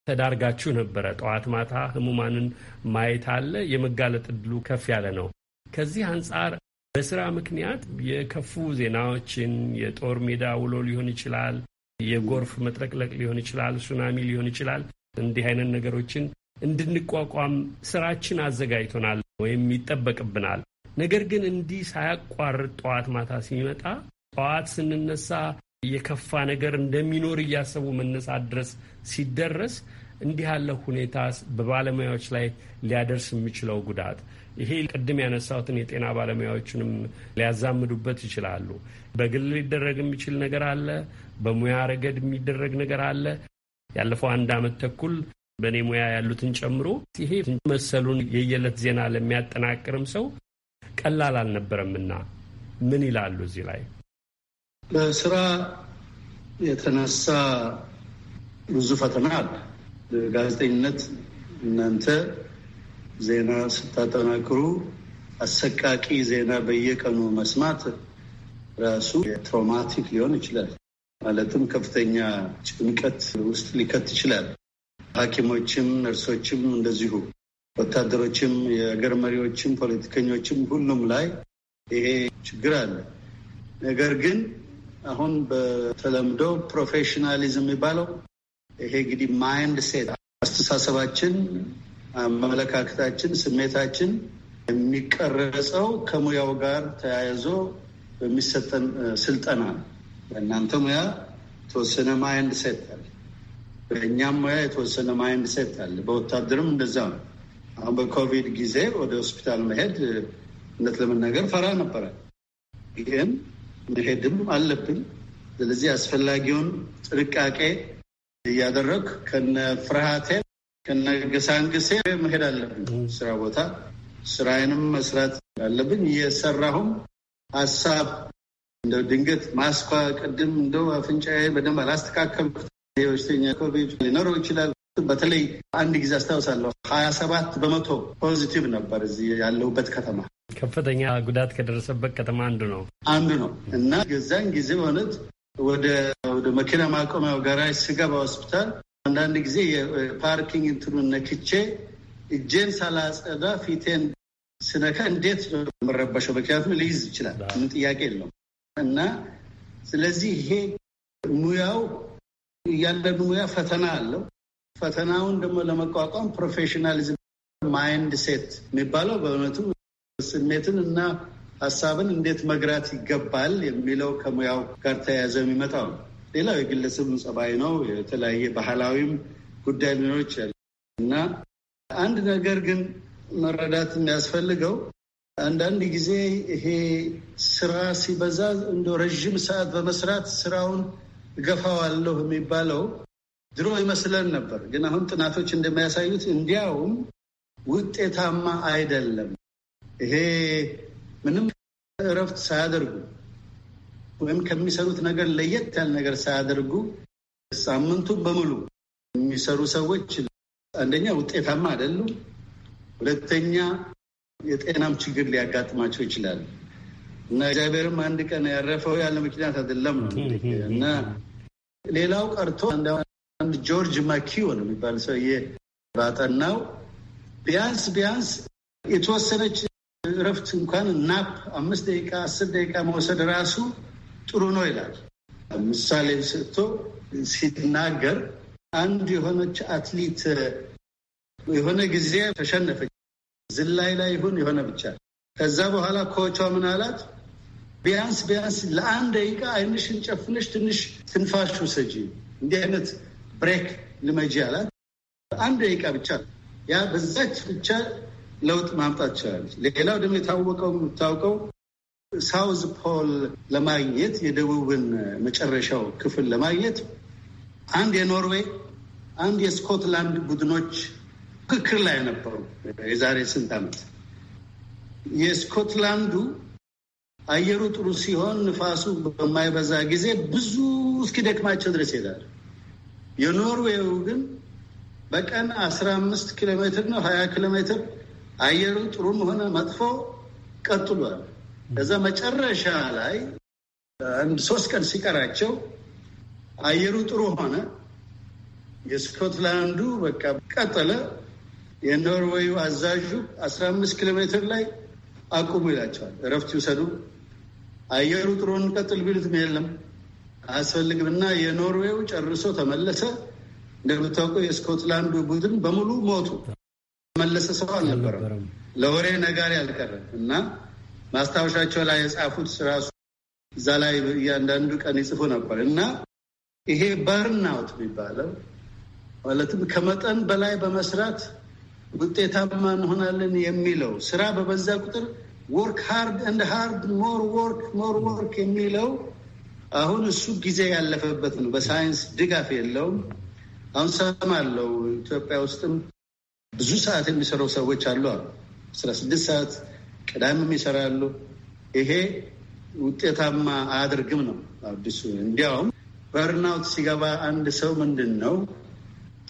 ተዳርጋችሁ ነበረ። ጠዋት ማታ ህሙማንን ማየት አለ። የመጋለጥ እድሉ ከፍ ያለ ነው። ከዚህ አንጻር በስራ ምክንያት የከፉ ዜናዎችን የጦር ሜዳ ውሎ ሊሆን ይችላል፣ የጎርፍ መጥለቅለቅ ሊሆን ይችላል፣ ሱናሚ ሊሆን ይችላል። እንዲህ አይነት ነገሮችን እንድንቋቋም ስራችን አዘጋጅቶናል ወይም ይጠበቅብናል። ነገር ግን እንዲህ ሳያቋርጥ ጠዋት ማታ ሲመጣ ጠዋት ስንነሳ የከፋ ነገር እንደሚኖር እያሰቡ መነሳት ድረስ ሲደረስ እንዲህ ያለ ሁኔታ በባለሙያዎች ላይ ሊያደርስ የሚችለው ጉዳት ይሄ ቅድም ያነሳሁትን የጤና ባለሙያዎችንም ሊያዛምዱበት ይችላሉ። በግል ሊደረግ የሚችል ነገር አለ፣ በሙያ ረገድ የሚደረግ ነገር አለ። ያለፈው አንድ ዓመት ተኩል በእኔ ሙያ ያሉትን ጨምሮ ይሄ መሰሉን የየዕለት ዜና ለሚያጠናቅርም ሰው ቀላል አልነበረምና ምን ይላሉ እዚህ ላይ? በስራ የተነሳ ብዙ ፈተና አለ። በጋዜጠኝነት እናንተ ዜና ስታጠናክሩ አሰቃቂ ዜና በየቀኑ መስማት ራሱ ትራውማቲክ ሊሆን ይችላል። ማለትም ከፍተኛ ጭንቀት ውስጥ ሊከት ይችላል። ሐኪሞችም ነርሶችም እንደዚሁ ወታደሮችም፣ የአገር መሪዎችም፣ ፖለቲከኞችም ሁሉም ላይ ይሄ ችግር አለ። ነገር ግን አሁን በተለምዶ ፕሮፌሽናሊዝም የሚባለው ይሄ እንግዲህ ማይንድ ሴት አስተሳሰባችን፣ አመለካከታችን፣ ስሜታችን የሚቀረጸው ከሙያው ጋር ተያይዞ በሚሰጠን ስልጠና በእናንተ ሙያ የተወሰነ ማይንድ ሴት አለ። በእኛም ሙያ የተወሰነ ማይንድ ሴት አለ። በወታደርም እንደዛ ነው። አሁን በኮቪድ ጊዜ ወደ ሆስፒታል መሄድ እውነት ለመናገር ፈራ ነበረ ግን መሄድም አለብኝ። ስለዚህ አስፈላጊውን ጥንቃቄ እያደረግ ከነ ፍርሃቴ ከነ ግሳንግሴ መሄድ አለብኝ። ስራ ቦታ ስራዬንም መስራት አለብኝ። እየሰራሁም ሀሳብ እንደ ድንገት ማስኳ ቅድም እንደ አፍንጫዬ በደንብ አላስተካከልኩት የበሽተኛ ኮቪድ ሊኖረው ይችላል። በተለይ አንድ ጊዜ አስታውሳለሁ ሀያ ሰባት በመቶ ፖዚቲቭ ነበር እዚህ ያለሁበት ከተማ ከፍተኛ ጉዳት ከደረሰበት ከተማ አንዱ ነው አንዱ ነው እና ገዛን ጊዜ ማለት ወደ መኪና ማቆሚያው ጋራጅ ስገባ ሆስፒታል አንዳንድ ጊዜ የፓርኪንግ እንትኑን ነክቼ እጄን ሳላጸዳ ፊቴን ስነካ እንዴት ነው የምረበሸው? ምክንያቱም ሊይዝ ይችላል። ምን ጥያቄ የለውም። እና ስለዚህ ይሄ ሙያው እያንዳንዱ ሙያ ፈተና አለው። ፈተናውን ደግሞ ለመቋቋም ፕሮፌሽናሊዝም ማይንድ ሴት የሚባለው በእውነቱ ስሜትን እና ሀሳብን እንዴት መግራት ይገባል የሚለው ከሙያው ጋር ተያያዘ የሚመጣው ነው። ሌላው የግለሰብ ጸባይ ነው። የተለያየ ባህላዊም ጉዳይ ሊኖር ይችላል እና አንድ ነገር ግን መረዳት የሚያስፈልገው አንዳንድ ጊዜ ይሄ ስራ ሲበዛ እንደ ረዥም ሰዓት በመስራት ስራውን እገፋዋለሁ የሚባለው ድሮ ይመስለን ነበር። ግን አሁን ጥናቶች እንደሚያሳዩት እንዲያውም ውጤታማ አይደለም። ይሄ ምንም እረፍት ሳያደርጉ ወይም ከሚሰሩት ነገር ለየት ያለ ነገር ሳያደርጉ ሳምንቱ በሙሉ የሚሰሩ ሰዎች አንደኛ ውጤታማ አይደሉም፣ ሁለተኛ የጤናም ችግር ሊያጋጥማቸው ይችላል እና እግዚአብሔርም አንድ ቀን ያረፈው ያለ ምክንያት አይደለም ነው እና ሌላው ቀርቶ አንድ ጆርጅ ማኪዮን የሚባል ሰውዬ ባጠናው ቢያንስ ቢያንስ የተወሰነች እረፍት እንኳን ናፕ አምስት ደቂቃ አስር ደቂቃ መውሰድ ራሱ ጥሩ ነው ይላል። ምሳሌ ሰጥቶ ሲናገር አንድ የሆነች አትሊት የሆነ ጊዜ ተሸነፈች። ዝላይ ላይ ይሁን የሆነ ብቻ ከዛ በኋላ ኮቿ ምን አላት? ቢያንስ ቢያንስ ለአንድ ደቂቃ አይንሽን ጨፍነሽ ትንሽ ትንፋሽ ውሰጂ፣ እንዲህ አይነት ብሬክ ልመጂ አላት። አንድ ደቂቃ ብቻ ያ በዛች ብቻ ለውጥ ማምጣት ችላለች። ሌላው ደግሞ የታወቀው የምታውቀው ሳውዝ ፖል ለማግኘት የደቡብን መጨረሻው ክፍል ለማግኘት አንድ የኖርዌይ አንድ የስኮትላንድ ቡድኖች ምክክር ላይ ነበሩ። የዛሬ ስንት ዓመት የስኮትላንዱ አየሩ ጥሩ ሲሆን ንፋሱ በማይበዛ ጊዜ ብዙ እስኪደክማቸው ድረስ ይሄዳል። የኖርዌው ግን በቀን አስራ አምስት ኪሎ ሜትር ነው ሀያ ኪሎ ሜትር አየሩ ጥሩም ሆነ መጥፎ ቀጥሏል። ከዛ መጨረሻ ላይ አንድ ሶስት ቀን ሲቀራቸው አየሩ ጥሩ ሆነ። የስኮትላንዱ በቃ ቀጠለ። የኖርዌዩ አዛዡ አስራ አምስት ኪሎ ሜትር ላይ አቁሙ ይላቸዋል። እረፍት ይውሰዱ። አየሩ ጥሩን ቀጥል ቢሉትም የለም አያስፈልግም እና የኖርዌው ጨርሶ ተመለሰ። እንደምታውቀው የስኮትላንዱ ቡድን በሙሉ ሞቱ። መለሰ ሰው አልነበረም። ለወሬ ነጋሪ አልቀረም እና ማስታወሻቸው ላይ የጻፉት ራሱ እዛ ላይ እያንዳንዱ ቀን ይጽፉ ነበር እና ይሄ በርናውት የሚባለው ማለትም ከመጠን በላይ በመስራት ውጤታማ እንሆናለን የሚለው ስራ በበዛ ቁጥር ወርክ ሃርድ እንድ ሃርድ ሞር ወርክ ሞር ወርክ የሚለው አሁን እሱ ጊዜ ያለፈበት ነው። በሳይንስ ድጋፍ የለውም። አሁን ሰማለው ኢትዮጵያ ውስጥም ብዙ ሰዓት የሚሰሩ ሰዎች አሉ አሉ አስራ ስድስት ሰዓት ቅዳሜም ይሰራሉ። ይሄ ውጤታማ አያደርግም ነው አዲሱ። እንዲያውም በርናውት ሲገባ አንድ ሰው ምንድን ነው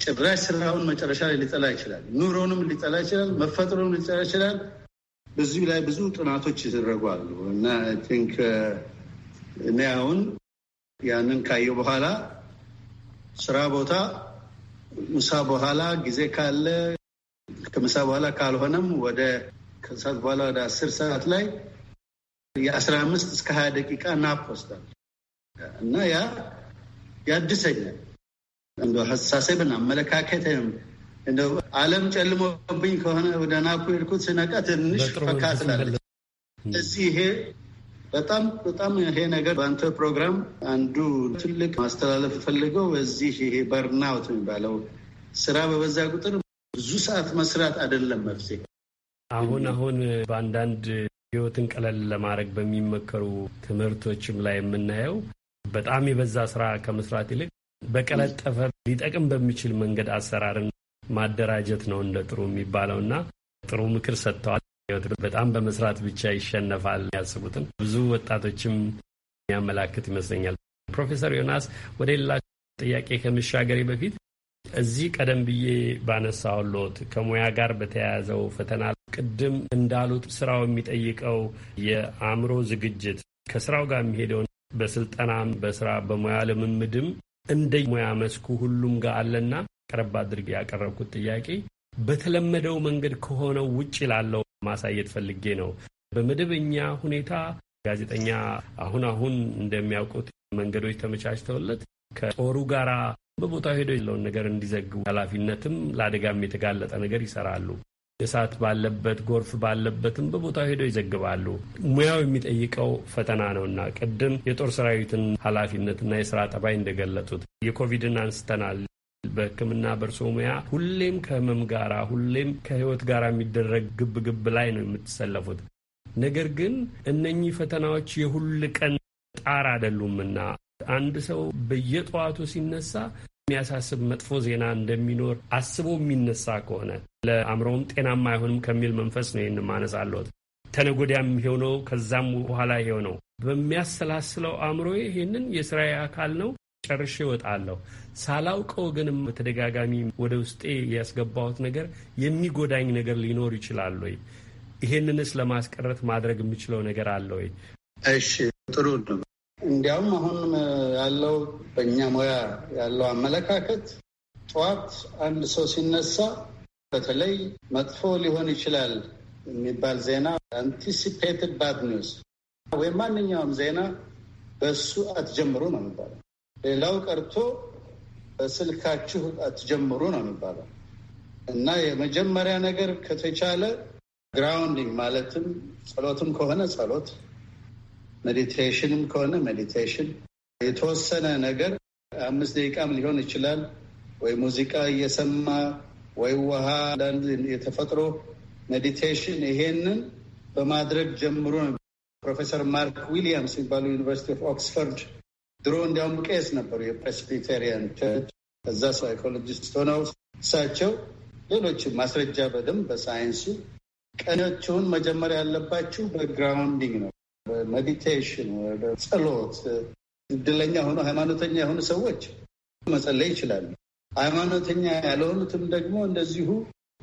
ጭራሽ ስራውን መጨረሻ ላይ ሊጠላ ይችላል። ኑሮንም ሊጠላ ይችላል። መፈጠሩንም ሊጠላ ይችላል። በዚሁ ላይ ብዙ ጥናቶች ይደረጉ አሉ እና ቲንክ እኔ አሁን ያንን ካየው በኋላ ስራ ቦታ ምሳ በኋላ ጊዜ ካለ ከምሳ በኋላ ካልሆነም ወደ ከሰዓት በኋላ ወደ አስር ሰዓት ላይ የአስራ አምስት እስከ ሀያ ደቂቃ ናፕ ወስዳል እና ያ ያድሰኛል። እንደ አስተሳሰብን አመለካከትም እንደ ዓለም ጨልሞብኝ ከሆነ ወደ ናኩ ሄድኩት ስነቃ ትንሽ ፈካ ስላለች እዚህ ይሄ በጣም በጣም ይሄ ነገር በአንተ ፕሮግራም አንዱ ትልቅ ማስተላለፍ ፈልገው እዚህ ይሄ በርናውት የሚባለው ስራ በበዛ ቁጥር ብዙ ሰዓት መስራት አይደለም መፍትሄ። አሁን አሁን በአንዳንድ ህይወትን ቀለል ለማድረግ በሚመከሩ ትምህርቶችም ላይ የምናየው በጣም የበዛ ስራ ከመስራት ይልቅ በቀለጠፈ ሊጠቅም በሚችል መንገድ አሰራርን ማደራጀት ነው እንደ ጥሩ የሚባለው እና ጥሩ ምክር ሰጥተዋል። በጣም በመስራት ብቻ ይሸነፋል ያስቡትን ብዙ ወጣቶችም የሚያመላክት ይመስለኛል። ፕሮፌሰር ዮናስ ወደ ሌላ ጥያቄ ከመሻገሬ በፊት እዚህ ቀደም ብዬ ሎት ከሙያ ጋር በተያያዘው ፈተና ቅድም እንዳሉት ስራው የሚጠይቀው የአእምሮ ዝግጅት ከስራው ጋር የሚሄደውን በስልጠናም በስራ በሙያ ልምምድም እንደ ሙያ መስኩ ሁሉም ጋር አለና ቀረብ አድርጌ ያቀረብኩት ጥያቄ በተለመደው መንገድ ከሆነው ውጭ ላለው ማሳየት ፈልጌ ነው። በመደበኛ ሁኔታ ጋዜጠኛ አሁን አሁን እንደሚያውቁት መንገዶች ተመቻችተውለት ከጦሩ ጋራ በቦታው ሄደው ያለውን ነገር እንዲዘግቡ ኃላፊነትም ለአደጋም የተጋለጠ ነገር ይሰራሉ። እሳት ባለበት ጎርፍ ባለበትም በቦታው ሄደው ይዘግባሉ። ሙያው የሚጠይቀው ፈተና ነውና ቅድም የጦር ሰራዊትን ኃላፊነትና የስራ ጠባይ እንደገለጹት የኮቪድን አንስተናል። በሕክምና በእርሶ ሙያ ሁሌም ከህመም ጋራ ሁሌም ከህይወት ጋር የሚደረግ ግብ ግብ ላይ ነው የምትሰለፉት። ነገር ግን እነኚህ ፈተናዎች የሁል ቀን ጣር አይደሉምና አንድ ሰው በየጠዋቱ ሲነሳ የሚያሳስብ መጥፎ ዜና እንደሚኖር አስቦ የሚነሳ ከሆነ ለአእምሮውም ጤናማ አይሆንም ከሚል መንፈስ ነው ይህን ማነሳለሁት። ተነጎዳም የሆነው ከዛም በኋላ የሆነው በሚያሰላስለው አእምሮ ይህንን የስራ አካል ነው ጨርሼ እወጣለሁ። ሳላውቀው ግንም በተደጋጋሚ ወደ ውስጤ ያስገባሁት ነገር የሚጎዳኝ ነገር ሊኖር ይችላል ወይ? ይሄንንስ ለማስቀረት ማድረግ የምችለው ነገር አለ ወይ? እሺ ጥሩ ነው። እንዲያውም አሁን ያለው በእኛ ሙያ ያለው አመለካከት ጠዋት አንድ ሰው ሲነሳ በተለይ መጥፎ ሊሆን ይችላል የሚባል ዜና አንቲሲፔትድ ባድ ኒውስ ወይም ማንኛውም ዜና በሱ አትጀምሩ ነው የሚባለው። ሌላው ቀርቶ በስልካችሁ አትጀምሩ ነው የሚባለው እና የመጀመሪያ ነገር ከተቻለ ግራውንዲንግ ማለትም ጸሎትም ከሆነ ጸሎት ሜዲቴሽንም ከሆነ ሜዲቴሽን የተወሰነ ነገር አምስት ደቂቃም ሊሆን ይችላል ወይ ሙዚቃ እየሰማ ወይ ውሃ፣ አንዳንድ የተፈጥሮ ሜዲቴሽን ይሄንን በማድረግ ጀምሮ ፕሮፌሰር ማርክ ዊሊያምስ የሚባሉ ዩኒቨርሲቲ ኦፍ ኦክስፈርድ ድሮ እንዲያውም ቄስ ነበሩ፣ የፕሬስቢቴሪያን ቸርች ከዛ ሳይኮሎጂስት ሆነው እሳቸው ሌሎች ማስረጃ በደንብ በሳይንሱ ቀኖቹን መጀመሪያ ያለባችሁ በግራውንዲንግ ነው። ሜዲቴሽን ወደ ጸሎት እድለኛ ሆኖ ሃይማኖተኛ የሆኑ ሰዎች መጸለይ ይችላሉ። ሃይማኖተኛ ያልሆኑትም ደግሞ እንደዚሁ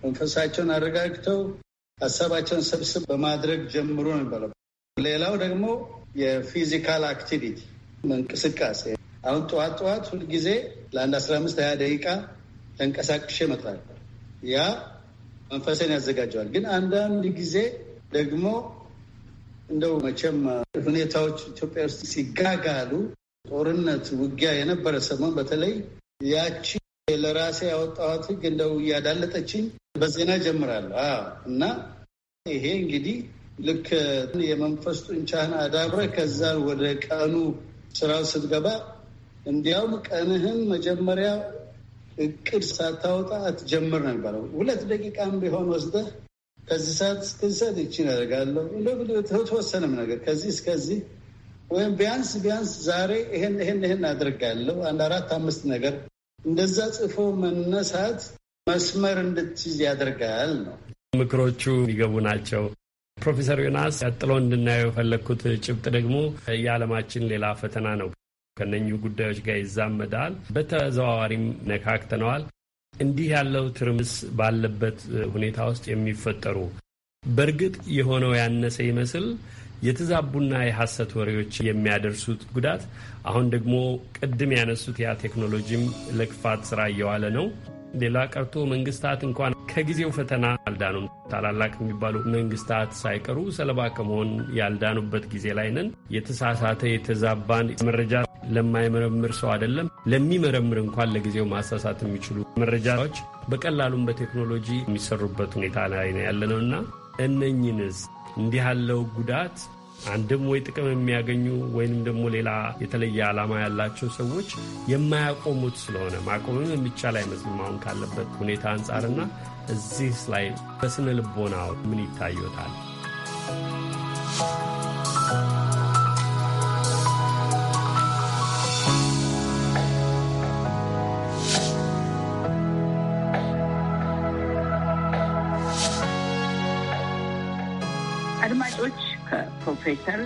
መንፈሳቸውን አረጋግተው ሀሳባቸውን ሰብስብ በማድረግ ጀምሮ ነበረ። ሌላው ደግሞ የፊዚካል አክቲቪቲ እንቅስቃሴ። አሁን ጠዋት ጠዋት ሁልጊዜ ለአንድ አስራ አምስት ሀያ ደቂቃ ተንቀሳቅሼ እመጣለሁ። ያ መንፈሴን ያዘጋጀዋል። ግን አንዳንድ ጊዜ ደግሞ እንደው መቼም ሁኔታዎች ኢትዮጵያ ውስጥ ሲጋጋሉ ጦርነት፣ ውጊያ የነበረ ሰሞን በተለይ ያቺ ለራሴ ያወጣኋት ህግ እንደው እያዳለጠችኝ በዜና ጀምራለሁ እና ይሄ እንግዲህ ልክ የመንፈስ ጡንቻህን አዳብረ ከዛ ወደ ቀኑ ስራው ስትገባ እንዲያውም ቀንህን መጀመሪያ እቅድ ሳታወጣ አትጀምር ነው የሚባለው። ሁለት ደቂቃም ቢሆን ወስደህ ከዚህ ሰዓት እስከዚህ ሰዓት ይቺን ያደርጋለሁ ተወሰነም ነገር ከዚህ እስከዚህ ወይም ቢያንስ ቢያንስ ዛሬ ይሄን ይሄን ይሄን አድርጋለሁ አንድ አራት አምስት ነገር እንደዛ ጽፎ መነሳት መስመር እንድትይዝ ያደርጋል ነው ምክሮቹ የሚገቡ ናቸው። ፕሮፌሰር ዮናስ ቀጥሎ እንድናየው የፈለግኩት ጭብጥ ደግሞ የዓለማችን ሌላ ፈተና ነው። ከነኙ ጉዳዮች ጋር ይዛመዳል፣ በተዘዋዋሪም ነካክተነዋል። እንዲህ ያለው ትርምስ ባለበት ሁኔታ ውስጥ የሚፈጠሩ በእርግጥ የሆነው ያነሰ ይመስል የተዛቡና የሐሰት ወሬዎች የሚያደርሱት ጉዳት አሁን ደግሞ ቅድም ያነሱት ያ ቴክኖሎጂም ለክፋት ስራ እየዋለ ነው። ሌላ ቀርቶ መንግስታት እንኳን ከጊዜው ፈተና አልዳኑም። ታላላቅ የሚባሉ መንግስታት ሳይቀሩ ሰለባ ከመሆን ያልዳኑበት ጊዜ ላይ ነን። የተሳሳተ የተዛባን መረጃ ለማይመረምር ሰው አይደለም፣ ለሚመረምር እንኳን ለጊዜው ማሳሳት የሚችሉ መረጃዎች በቀላሉም በቴክኖሎጂ የሚሰሩበት ሁኔታ ላይ ነው ያለ ነው እና እነኝንስ እንዲህ ያለው ጉዳት አንድም ወይ ጥቅም የሚያገኙ ወይንም ደግሞ ሌላ የተለየ ዓላማ ያላቸው ሰዎች የማያቆሙት ስለሆነ ማቆምም የሚቻል አይመስልም አሁን ካለበት ሁኔታ አንጻርና እዚህ ላይ በስነ ልቦናው ምን ይታዩታል? ፕሮፌሰር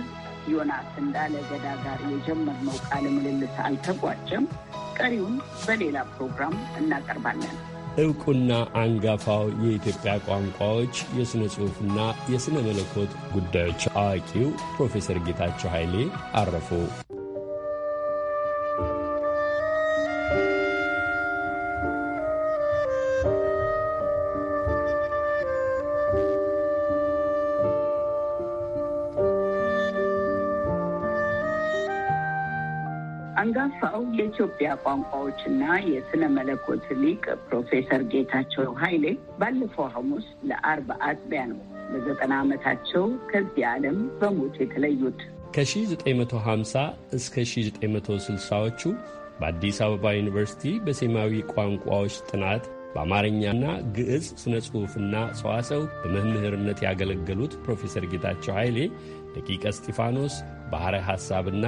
ዮናስ እንዳለ ገዳ ጋር የጀመርነው ቃለ ምልልስ አልተቋጨም። ቀሪውን በሌላ ፕሮግራም እናቀርባለን። እውቁና አንጋፋው የኢትዮጵያ ቋንቋዎች የሥነ ጽሑፍና የሥነ መለኮት ጉዳዮች አዋቂው ፕሮፌሰር ጌታቸው ኃይሌ አረፉ። የኢትዮጵያ ቋንቋዎችና የስነ መለኮት ሊቅ ፕሮፌሰር ጌታቸው ኃይሌ ባለፈው ሐሙስ ለአርብ አጥቢያ ነው በዘጠና ዓመታቸው ከዚህ ዓለም በሞት የተለዩት። ከ1950 እስከ 1960ዎቹ በአዲስ አበባ ዩኒቨርሲቲ በሴማዊ ቋንቋዎች ጥናት በአማርኛና ግዕዝ ስነ ጽሑፍና ጸዋሰው በመምህርነት ያገለገሉት ፕሮፌሰር ጌታቸው ኃይሌ ደቂቀ እስጢፋኖስ ባሕረ ሐሳብና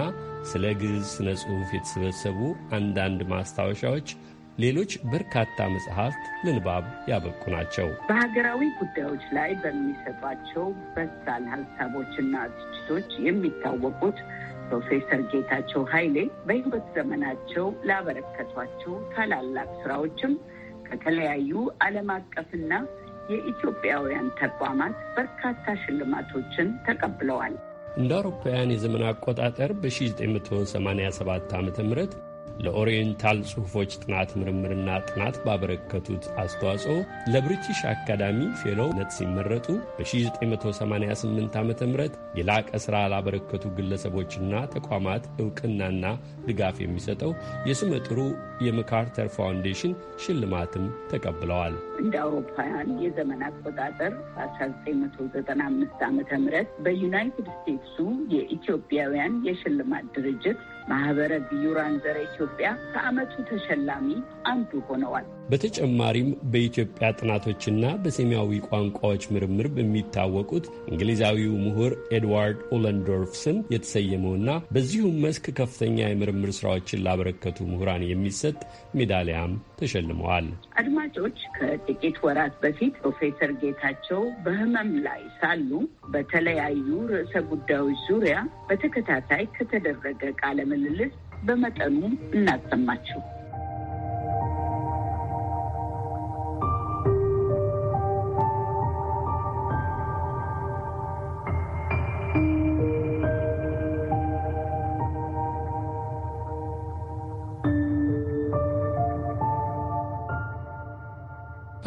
ስለ ግዕዝ ሥነ ጽሑፍ የተሰበሰቡ አንዳንድ ማስታወሻዎች ሌሎች በርካታ መጽሐፍት ለንባብ ያበቁ ናቸው። በሀገራዊ ጉዳዮች ላይ በሚሰጧቸው በሳል ሀሳቦችና ትችቶች የሚታወቁት ፕሮፌሰር ጌታቸው ኃይሌ በሕይወት ዘመናቸው ላበረከቷቸው ታላላቅ ስራዎችም ከተለያዩ ዓለም አቀፍና የኢትዮጵያውያን ተቋማት በርካታ ሽልማቶችን ተቀብለዋል። እንደ አውሮፓውያን የዘመን አቆጣጠር በ1987 ዓ ም ለኦሪየንታል ጽሑፎች ጥናት ምርምርና ጥናት ባበረከቱት አስተዋጽኦ ለብሪቲሽ አካዳሚ ፌሎውነት ሲመረጡ በ1988 ዓ ም የላቀ ሥራ ላበረከቱ ግለሰቦችና ተቋማት ዕውቅናና ድጋፍ የሚሰጠው የስመጥሩ የመካርተር ፋውንዴሽን ሽልማትም ተቀብለዋል። እንደ አውሮፓውያን የዘመን አቆጣጠር በ1995 ዓ ም በዩናይትድ ስቴትሱ የኢትዮጵያውያን የሽልማት ድርጅት ማህበረ ግዩራን ዘረ ኢትዮጵያ ከአመቱ ተሸላሚ አንዱ ሆነዋል። በተጨማሪም በኢትዮጵያ ጥናቶችና በሴሚያዊ ቋንቋዎች ምርምር በሚታወቁት እንግሊዛዊው ምሁር ኤድዋርድ ኦለንዶርፍ ስም የተሰየመውና በዚሁም መስክ ከፍተኛ የምርምር ስራዎችን ላበረከቱ ምሁራን የሚሰጥ ሜዳሊያም ተሸልመዋል። አድማጮች፣ ከጥቂት ወራት በፊት ፕሮፌሰር ጌታቸው በህመም ላይ ሳሉ በተለያዩ ርዕሰ ጉዳዮች ዙሪያ በተከታታይ ከተደረገ ቃለ ምልልስ በመጠኑ እናሰማችሁ።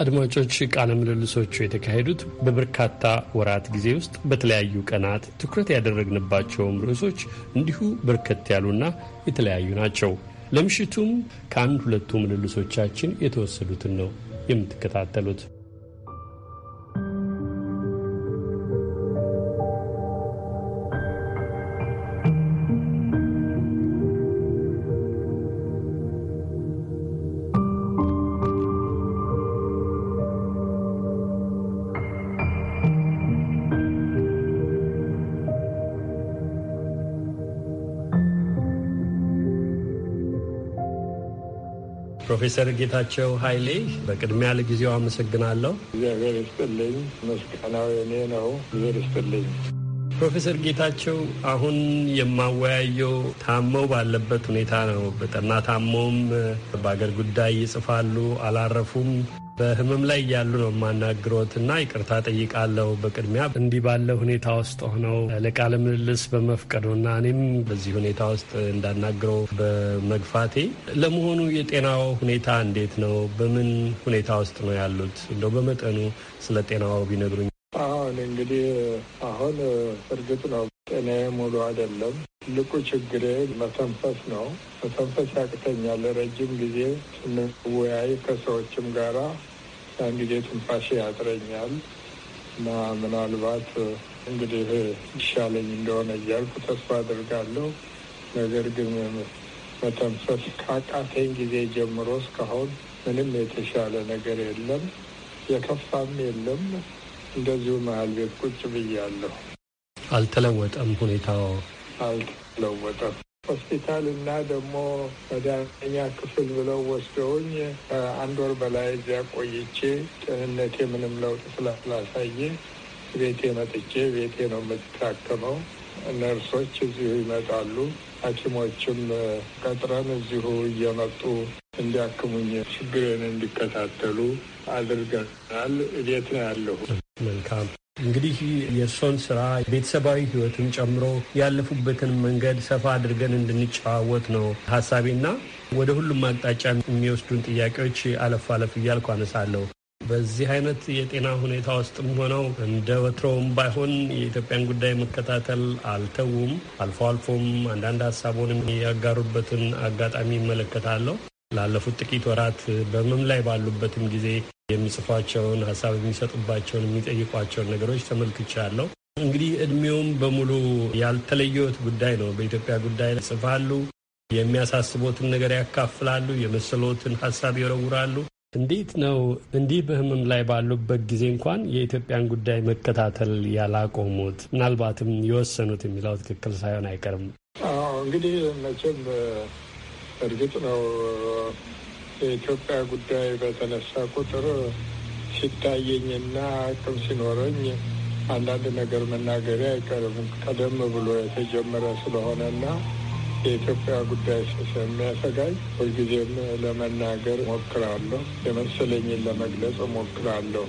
አድማጮች ቃለ ምልልሶቹ የተካሄዱት በበርካታ ወራት ጊዜ ውስጥ በተለያዩ ቀናት ትኩረት ያደረግንባቸውም ርዕሶች እንዲሁ በርከት ያሉና የተለያዩ ናቸው። ለምሽቱም ከአንድ ሁለቱ ምልልሶቻችን የተወሰዱትን ነው የምትከታተሉት። ፕሮፌሰር ጌታቸው ኃይሌ በቅድሚያ ለጊዜው አመሰግናለሁ። እግዚአብሔር ይስጥልኝ። ምስጋናው የኔ ነው። እግዚአብሔር ይስጥልኝ። ፕሮፌሰር ጌታቸው አሁን የማወያየው ታመው ባለበት ሁኔታ ነው። በጠና ታመውም በአገር ጉዳይ ይጽፋሉ፣ አላረፉም። በህመም ላይ እያሉ ነው የማናግሮት እና ይቅርታ ጠይቃለሁ። በቅድሚያ እንዲህ ባለ ሁኔታ ውስጥ ሆነው ለቃለ ምልልስ በመፍቀዱ እና እኔም በዚህ ሁኔታ ውስጥ እንዳናግረው በመግፋቴ ለመሆኑ የጤናው ሁኔታ እንዴት ነው? በምን ሁኔታ ውስጥ ነው ያሉት? እንደው በመጠኑ ስለ ጤናው ቢነግሩኝ። አሁን እንግዲህ አሁን እርግጥ ነው ጤናዬ ሙሉ አይደለም። ትልቁ ችግሬ መተንፈስ ነው። መተንፈስ ያቅተኛል። ረጅም ጊዜ ስንወያይ ከሰዎችም ጋራ ያን ጊዜ ትንፋሽ ያጥረኛል እና ምናልባት እንግዲህ ይሻለኝ እንደሆነ እያልኩ ተስፋ አድርጋለሁ። ነገር ግን መተንፈስ ካቃተኝ ጊዜ ጀምሮ እስካሁን ምንም የተሻለ ነገር የለም፣ የከፋም የለም። እንደዚሁ መሀል ቤት ቁጭ ብያለሁ። አልተለወጠም፣ ሁኔታው አልተለወጠም። ሆስፒታል እና ደግሞ መዳኛ ክፍል ብለው ወስደውኝ አንድ ወር በላይ እዚያ ቆይቼ ጤንነቴ ምንም ለውጥ ስላላሳየ ቤቴ መጥቼ ቤቴ ነው የምትታከመው። ነርሶች እዚሁ ይመጣሉ፣ ሐኪሞችም ቀጥረን እዚሁ እየመጡ እንዲያክሙኝ ችግሬን እንዲከታተሉ አድርገናል። ቤት ነው ያለሁ። መልካም እንግዲህ የእርሶን ስራ ቤተሰባዊ ህይወትን ጨምሮ ያለፉበትን መንገድ ሰፋ አድርገን እንድንጨዋወት ነው ሀሳቤና ወደ ሁሉም አቅጣጫ የሚወስዱን ጥያቄዎች አለፍ አለፍ እያልኩ አነሳለሁ። በዚህ አይነት የጤና ሁኔታ ውስጥም ሆነው እንደ ወትሮውም ባይሆን የኢትዮጵያን ጉዳይ መከታተል አልተውም። አልፎ አልፎም አንዳንድ ሀሳቡንም ያጋሩበትን አጋጣሚ ይመለከታለሁ። ላለፉት ጥቂት ወራት በህመም ላይ ባሉበትም ጊዜ የሚጽፏቸውን ሀሳብ የሚሰጡባቸውን የሚጠይቋቸውን ነገሮች ተመልክቻለሁ። እንግዲህ እድሜውም በሙሉ ያልተለየዎት ጉዳይ ነው። በኢትዮጵያ ጉዳይ ጽፋሉ፣ የሚያሳስቦትን ነገር ያካፍላሉ፣ የመሰሎትን ሀሳብ ይረውራሉ። እንዴት ነው እንዲህ በህመም ላይ ባሉበት ጊዜ እንኳን የኢትዮጵያን ጉዳይ መከታተል ያላቆሙት? ምናልባትም የወሰኑት የሚለው ትክክል ሳይሆን አይቀርም። እንግዲህ መቼም እርግጥ ነው የኢትዮጵያ ጉዳይ በተነሳ ቁጥር ሲታየኝና አቅም ሲኖረኝ አንዳንድ ነገር መናገሪያ አይቀርም። ቀደም ብሎ የተጀመረ ስለሆነና የኢትዮጵያ ጉዳይ ስለሚያሰጋኝ ሁልጊዜም ለመናገር ሞክራለሁ፣ የመሰለኝን ለመግለጽ ሞክራለሁ።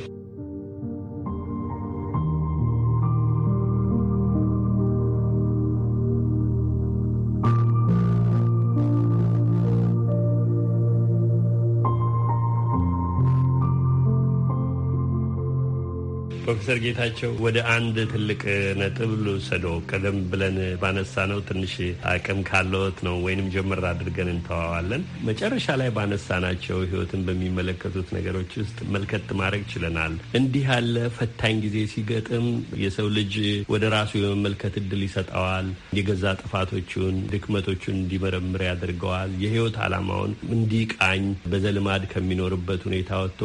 ፕሮፌሰር ጌታቸው ወደ አንድ ትልቅ ነጥብ ልውሰዶ ቀደም ብለን ባነሳ ነው ትንሽ አቅም ካለዎት ነው ወይንም ጀምር አድርገን እንተዋዋለን። መጨረሻ ላይ ባነሳ ናቸው ህይወትን በሚመለከቱት ነገሮች ውስጥ መልከት ማድረግ ችለናል። እንዲህ ያለ ፈታኝ ጊዜ ሲገጥም የሰው ልጅ ወደ ራሱ የመመልከት እድል ይሰጠዋል። የገዛ ጥፋቶቹን፣ ድክመቶቹን እንዲመረምር ያደርገዋል። የህይወት አላማውን እንዲቃኝ በዘልማድ ከሚኖርበት ሁኔታ ወጥቶ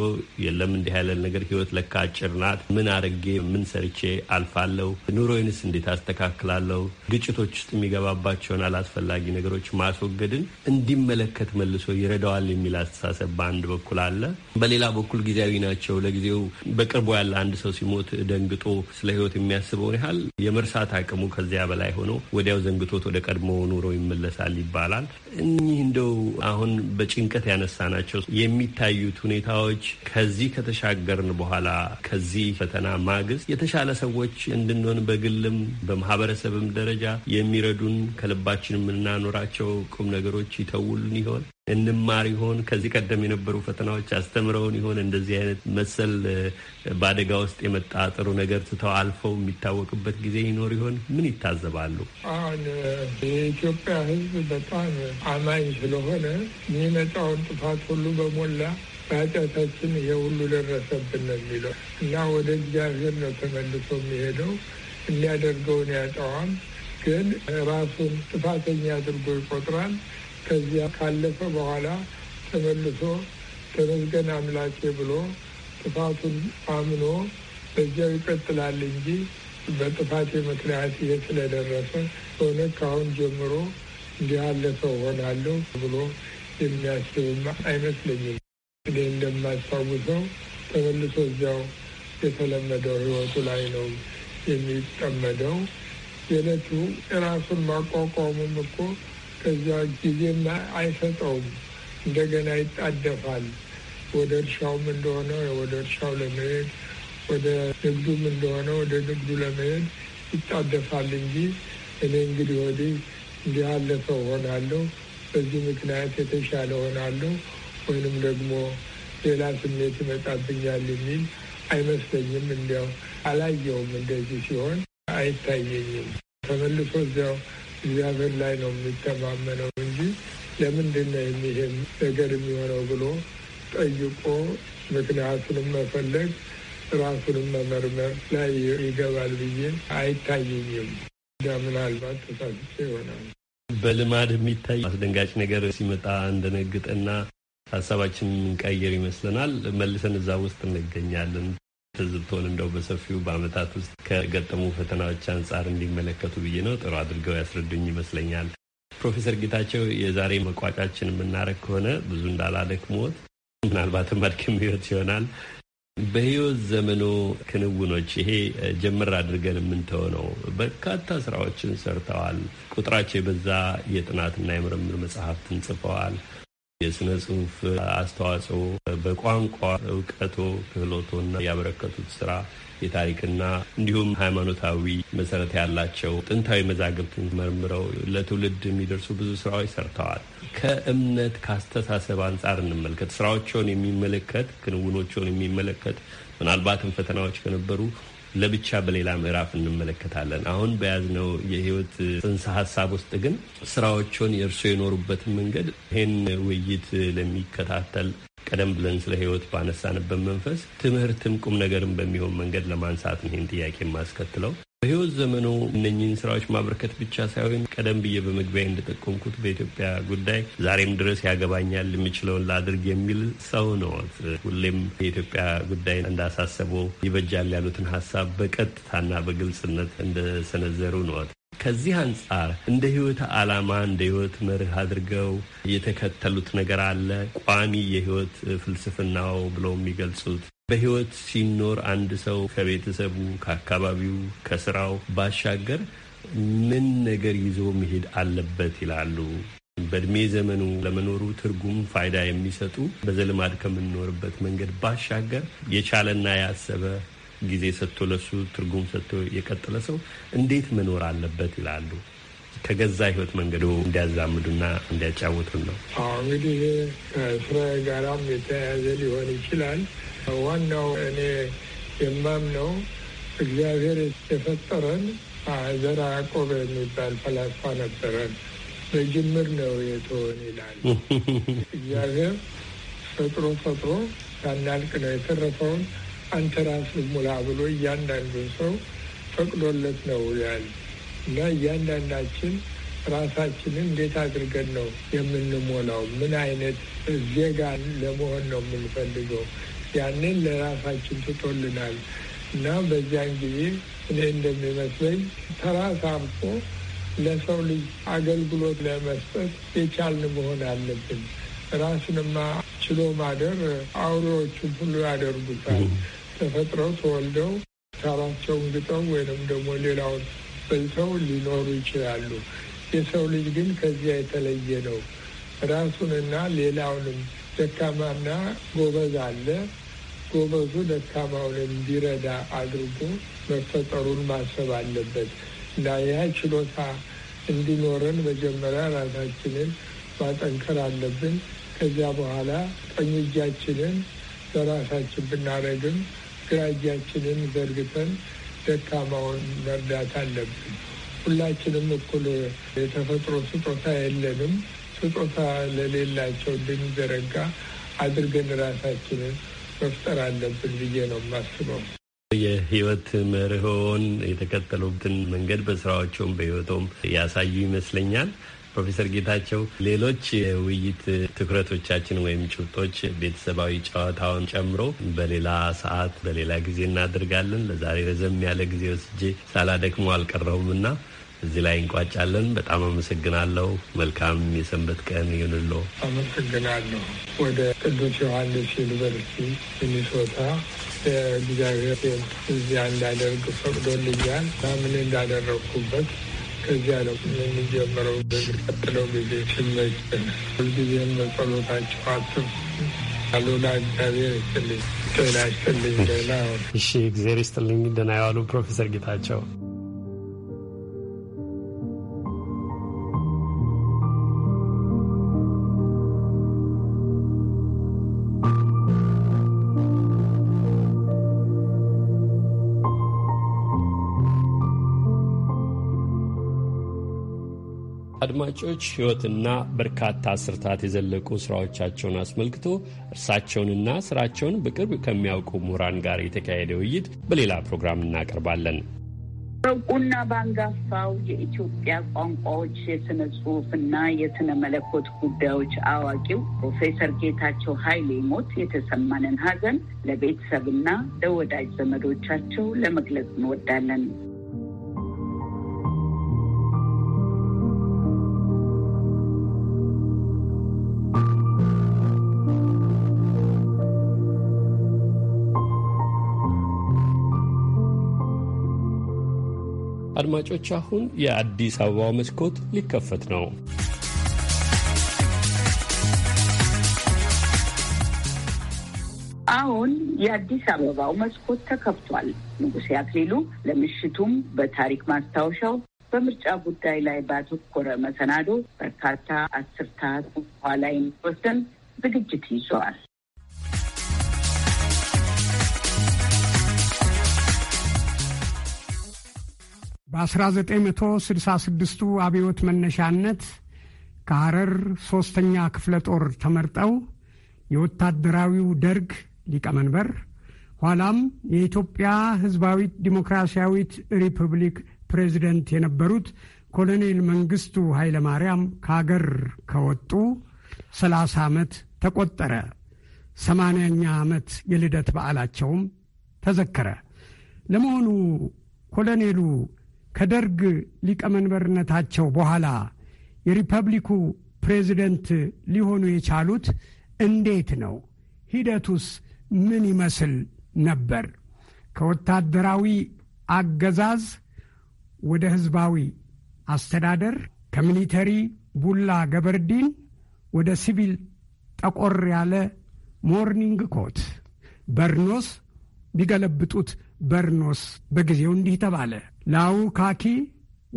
የለም እንዲህ ያለ ነገር ህይወት ለካ አጭር ናት ምን አድርጌ ምን ሰርቼ አልፋለሁ፣ ኑሮዬንስ እንዴት አስተካክላለሁ፣ ግጭቶች ውስጥ የሚገባባቸውን አላስፈላጊ ነገሮች ማስወገድን እንዲመለከት መልሶ ይረዳዋል የሚል አስተሳሰብ በአንድ በኩል አለ። በሌላ በኩል ጊዜያዊ ናቸው። ለጊዜው በቅርቡ ያለ አንድ ሰው ሲሞት ደንግጦ ስለ ህይወት የሚያስበውን ያህል የመርሳት አቅሙ ከዚያ በላይ ሆኖ ወዲያው ዘንግቶት ወደ ቀድሞ ኑሮ ይመለሳል ይባላል። እኚህ እንደው አሁን በጭንቀት ያነሳ ናቸው የሚታዩት ሁኔታዎች ከዚህ ከተሻገርን በኋላ ከዚህ ፈተና ፈተና ማግስት የተሻለ ሰዎች እንድንሆን በግልም በማህበረሰብም ደረጃ የሚረዱን ከልባችን የምናኖራቸው ቁም ነገሮች ይተውሉን ይሆን? እንማር ይሆን? ከዚህ ቀደም የነበሩ ፈተናዎች አስተምረውን ይሆን? እንደዚህ አይነት መሰል በአደጋ ውስጥ የመጣ ጥሩ ነገር ትተው አልፈው የሚታወቅበት ጊዜ ይኖር ይሆን? ምን ይታዘባሉ? አሁን የኢትዮጵያ ሕዝብ በጣም አማኝ ስለሆነ የሚመጣውን ጥፋት ሁሉ በሞላ በኃጢአታችን ይሄ ሁሉ ደረሰብን ነው የሚለው እና ወደ እግዚአብሔር ነው ተመልሶ የሚሄደው። የሚያደርገውን ያጠዋም፣ ግን ራሱን ጥፋተኛ አድርጎ ይቆጥራል። ከዚያ ካለፈ በኋላ ተመልሶ ተመዝገን አምላኬ ብሎ ጥፋቱን አምኖ በዚያው ይቀጥላል እንጂ በጥፋቴ ምክንያት ይሄ ስለደረሰ ሆነ ከአሁን ጀምሮ እንዲህ ያለፈው ሆናለሁ ብሎ የሚያስብም አይመስለኝም። እኔ እንደማስታውሰው ተመልሶ እዚያው የተለመደው ህይወቱ ላይ ነው የሚጠመደው። የዕለቱ ራሱን ማቋቋሙም እኮ ከዚያ ጊዜም አይሰጠውም። እንደገና ይጣደፋል። ወደ እርሻውም እንደሆነ ወደ እርሻው ለመሄድ፣ ወደ ንግዱም እንደሆነ ወደ ንግዱ ለመሄድ ይጣደፋል እንጂ እኔ እንግዲህ ወዲህ እንዲህ ያለ ሰው ሆናለሁ፣ በዚህ ምክንያት የተሻለ ሆናለሁ ወይንም ደግሞ ሌላ ስሜት ይመጣብኛል የሚል አይመስለኝም። እንዲያው አላየውም። እንደዚህ ሲሆን አይታየኝም። ተመልሶ እዚያው እግዚአብሔር ላይ ነው የሚተማመነው እንጂ ለምንድን ነው ነገር የሚሆነው ብሎ ጠይቆ ምክንያቱንም መፈለግ ራሱንም መመርመር ላይ ይገባል ብዬ አይታየኝም። እንዳ ምናልባት ተሳስቼ ይሆናል። በልማድ የሚታይ አስደንጋጭ ነገር ሲመጣ እንደነግጥና ሀሳባችን ቀይር ይመስለናል። መልሰን እዛ ውስጥ እንገኛለን። ትዝብቶን እንደው በሰፊው በአመታት ውስጥ ከገጠሙ ፈተናዎች አንጻር እንዲመለከቱ ብዬ ነው። ጥሩ አድርገው ያስረዱኝ ይመስለኛል። ፕሮፌሰር ጌታቸው የዛሬ መቋጫችን የምናረግ ከሆነ ብዙ ሞት ምናልባትም አድክም ህይወት ይሆናል በህይወት ዘመኖ ክንውኖች ይሄ ጀምር አድርገን የምንተው ነው። በርካታ ስራዎችን ሰርተዋል። ቁጥራቸው የበዛ የጥናትና የምርምር መጽሐፍትን ጽፈዋል። የስነ ጽሁፍ አስተዋጽኦ በቋንቋ እውቀቶ ክህሎቶና ያበረከቱት ስራ የታሪክና እንዲሁም ሃይማኖታዊ መሰረት ያላቸው ጥንታዊ መዛግብትን መርምረው ለትውልድ የሚደርሱ ብዙ ስራዎች ሰርተዋል። ከእምነት ከአስተሳሰብ አንጻር እንመልከት። ስራዎቸውን የሚመለከት ክንውኖቸውን የሚመለከት ምናልባትም ፈተናዎች ከነበሩ ለብቻ በሌላ ምዕራፍ እንመለከታለን። አሁን በያዝነው የህይወት ጽንሰ ሀሳብ ውስጥ ግን ስራዎችን የእርሶ የኖሩበትን መንገድ ይህን ውይይት ለሚከታተል ቀደም ብለን ስለ ህይወት ባነሳንበት መንፈስ ትምህርትም ቁም ነገርም በሚሆን መንገድ ለማንሳት ይህን ጥያቄ የማስከትለው በህይወት ዘመኑ እነኝህን ስራዎች ማበርከት ብቻ ሳይሆን ቀደም ብዬ በመግቢያ እንደጠቆምኩት በኢትዮጵያ ጉዳይ ዛሬም ድረስ ያገባኛል የሚችለውን ላድርግ የሚል ሰው ነዎት። ሁሌም የኢትዮጵያ ጉዳይ እንዳሳሰበው ይበጃል ያሉትን ሀሳብ በቀጥታና በግልጽነት እንደሰነዘሩ ነዎት። ከዚህ አንጻር እንደ ህይወት ዓላማ እንደ ህይወት መርህ አድርገው የተከተሉት ነገር አለ? ቋሚ የህይወት ፍልስፍናው ብለው የሚገልጹት በህይወት ሲኖር አንድ ሰው ከቤተሰቡ፣ ከአካባቢው፣ ከስራው ባሻገር ምን ነገር ይዞ መሄድ አለበት ይላሉ? በእድሜ ዘመኑ ለመኖሩ ትርጉም ፋይዳ የሚሰጡ በዘልማድ ከምንኖርበት መንገድ ባሻገር የቻለና ያሰበ ጊዜ ሰጥቶ ለሱ ትርጉም ሰጥቶ የቀጠለ ሰው እንዴት መኖር አለበት ይላሉ? ከገዛ ህይወት መንገዱ እንዲያዛምዱና እንዲያጫውቱን ነው። እንግዲህ ከስራ ጋራም የተያያዘ ሊሆን ይችላል። ዋናው እኔ የማምነው እግዚአብሔር የፈጠረን ዘራ ያዕቆብ የሚባል ፈላስፋ ነበረን። በጅምር ነው የተሆን ይላል። እግዚአብሔር ፈጥሮ ፈጥሮ ሳናልቅ ነው የተረፈውን አንተ ራስ ሙላ ብሎ እያንዳንዱን ሰው ፈቅዶለት ነው ያል እና እያንዳንዳችን ራሳችንን እንዴት አድርገን ነው የምንሞላው? ምን አይነት ዜጋ ለመሆን ነው የምንፈልገው? ያንን ለራሳችን ትቶልናል እና በዚያን ጊዜ እኔ እንደሚመስለኝ ተራ ተራሳምቶ ለሰው ልጅ አገልግሎት ለመስጠት የቻልን መሆን አለብን። ራስንማ ችሎ ማደር አውሬዎቹን ሁሉ ያደርጉታል። ተፈጥረው ተወልደው ሳራቸውን ግጠው ወይንም ደግሞ ሌላውን በልተው ሊኖሩ ይችላሉ። የሰው ልጅ ግን ከዚያ የተለየ ነው። ራሱንና ሌላውንም ደካማና ጎበዝ አለ። ጎበዙ ደካማውን እንዲረዳ አድርጎ መፈጠሩን ማሰብ አለበት እና ያ ችሎታ እንዲኖረን መጀመሪያ ራሳችንን ማጠንከር አለብን። ከዚያ በኋላ ቀኝ እጃችንን በራሳችን ብናረግም ግራ እጃችንን ዘርግተን ደካማውን መርዳት አለብን። ሁላችንም እኩል የተፈጥሮ ስጦታ የለንም። ስጦታ ለሌላቸው እንድንዘረጋ አድርገን ራሳችንን መፍጠር አለብን ብዬ ነው የማስበው። የህይወት መርሆን የተከተሉትን መንገድ በስራዎቸውም በህይወቶም ያሳዩ ይመስለኛል። ፕሮፌሰር ጌታቸው ሌሎች የውይይት ትኩረቶቻችን ወይም ጭብጦች ቤተሰባዊ ጨዋታውን ጨምሮ በሌላ ሰዓት በሌላ ጊዜ እናደርጋለን። ለዛሬ ረዘም ያለ ጊዜ ወስጄ ሳላደክሞ አልቀረሁም እና እዚህ ላይ እንቋጫለን። በጣም አመሰግናለሁ። መልካም የሰንበት ቀን ይሁንሎ። አመሰግናለሁ። ወደ ቅዱስ ዮሐንስ ዩኒቨርሲቲ ሚኒሶታ እግዚአብሔር እዚያ እንዳደርግ ፈቅዶልኛል። ምን እንዳደረግኩበት ከዚያ ነው የሚጀምረው። በሚቀጥለው ጊዜ ሲመጭን ሁልጊዜም በጸሎታቸው አስብ አሉና እግዚአብሔር ይስጥልኝ። ጤና ይስጥልኝ። ደህና እሺ፣ እግዚአብሔር ይስጥልኝ። ደህና የዋሉ ፕሮፌሰር ጌታቸው አድማጮች ሕይወትና በርካታ አስርታት የዘለቁ ሥራዎቻቸውን አስመልክቶ እርሳቸውንና ሥራቸውን በቅርብ ከሚያውቁ ምሁራን ጋር የተካሄደ ውይይት በሌላ ፕሮግራም እናቀርባለን። በውቁና በአንጋፋው የኢትዮጵያ ቋንቋዎች የሥነ ጽሑፍና የስነ መለኮት ጉዳዮች አዋቂው ፕሮፌሰር ጌታቸው ኃይሌ ሞት የተሰማንን ሀዘን ለቤተሰብና ለወዳጅ ዘመዶቻቸው ለመግለጽ እንወዳለን። አድማጮች፣ አሁን የአዲስ አበባው መስኮት ሊከፈት ነው። አሁን የአዲስ አበባው መስኮት ተከፍቷል። ንጉሴ አክሊሉ ለምሽቱም በታሪክ ማስታወሻው በምርጫ ጉዳይ ላይ ባተኮረ መሰናዶ በርካታ አስርታት በኋላ የሚወሰን ዝግጅት ይዘዋል። በ1966ቱ አብዮት መነሻነት ከሐረር ሦስተኛ ክፍለ ጦር ተመርጠው የወታደራዊው ደርግ ሊቀመንበር ኋላም የኢትዮጵያ ሕዝባዊት ዲሞክራሲያዊት ሪፐብሊክ ፕሬዚደንት የነበሩት ኮሎኔል መንግስቱ ኃይለ ማርያም ከአገር ከወጡ 30 ዓመት ተቆጠረ። ሰማንያኛ ዓመት የልደት በዓላቸውም ተዘከረ። ለመሆኑ ኮሎኔሉ ከደርግ ሊቀመንበርነታቸው በኋላ የሪፐብሊኩ ፕሬዚደንት ሊሆኑ የቻሉት እንዴት ነው? ሂደቱስ ምን ይመስል ነበር? ከወታደራዊ አገዛዝ ወደ ህዝባዊ አስተዳደር፣ ከሚሊተሪ ቡላ ገበርዲን ወደ ሲቪል ጠቆር ያለ ሞርኒንግ ኮት በርኖስ ቢገለብጡት በርኖስ በጊዜው እንዲህ ተባለ። ላው ካኪ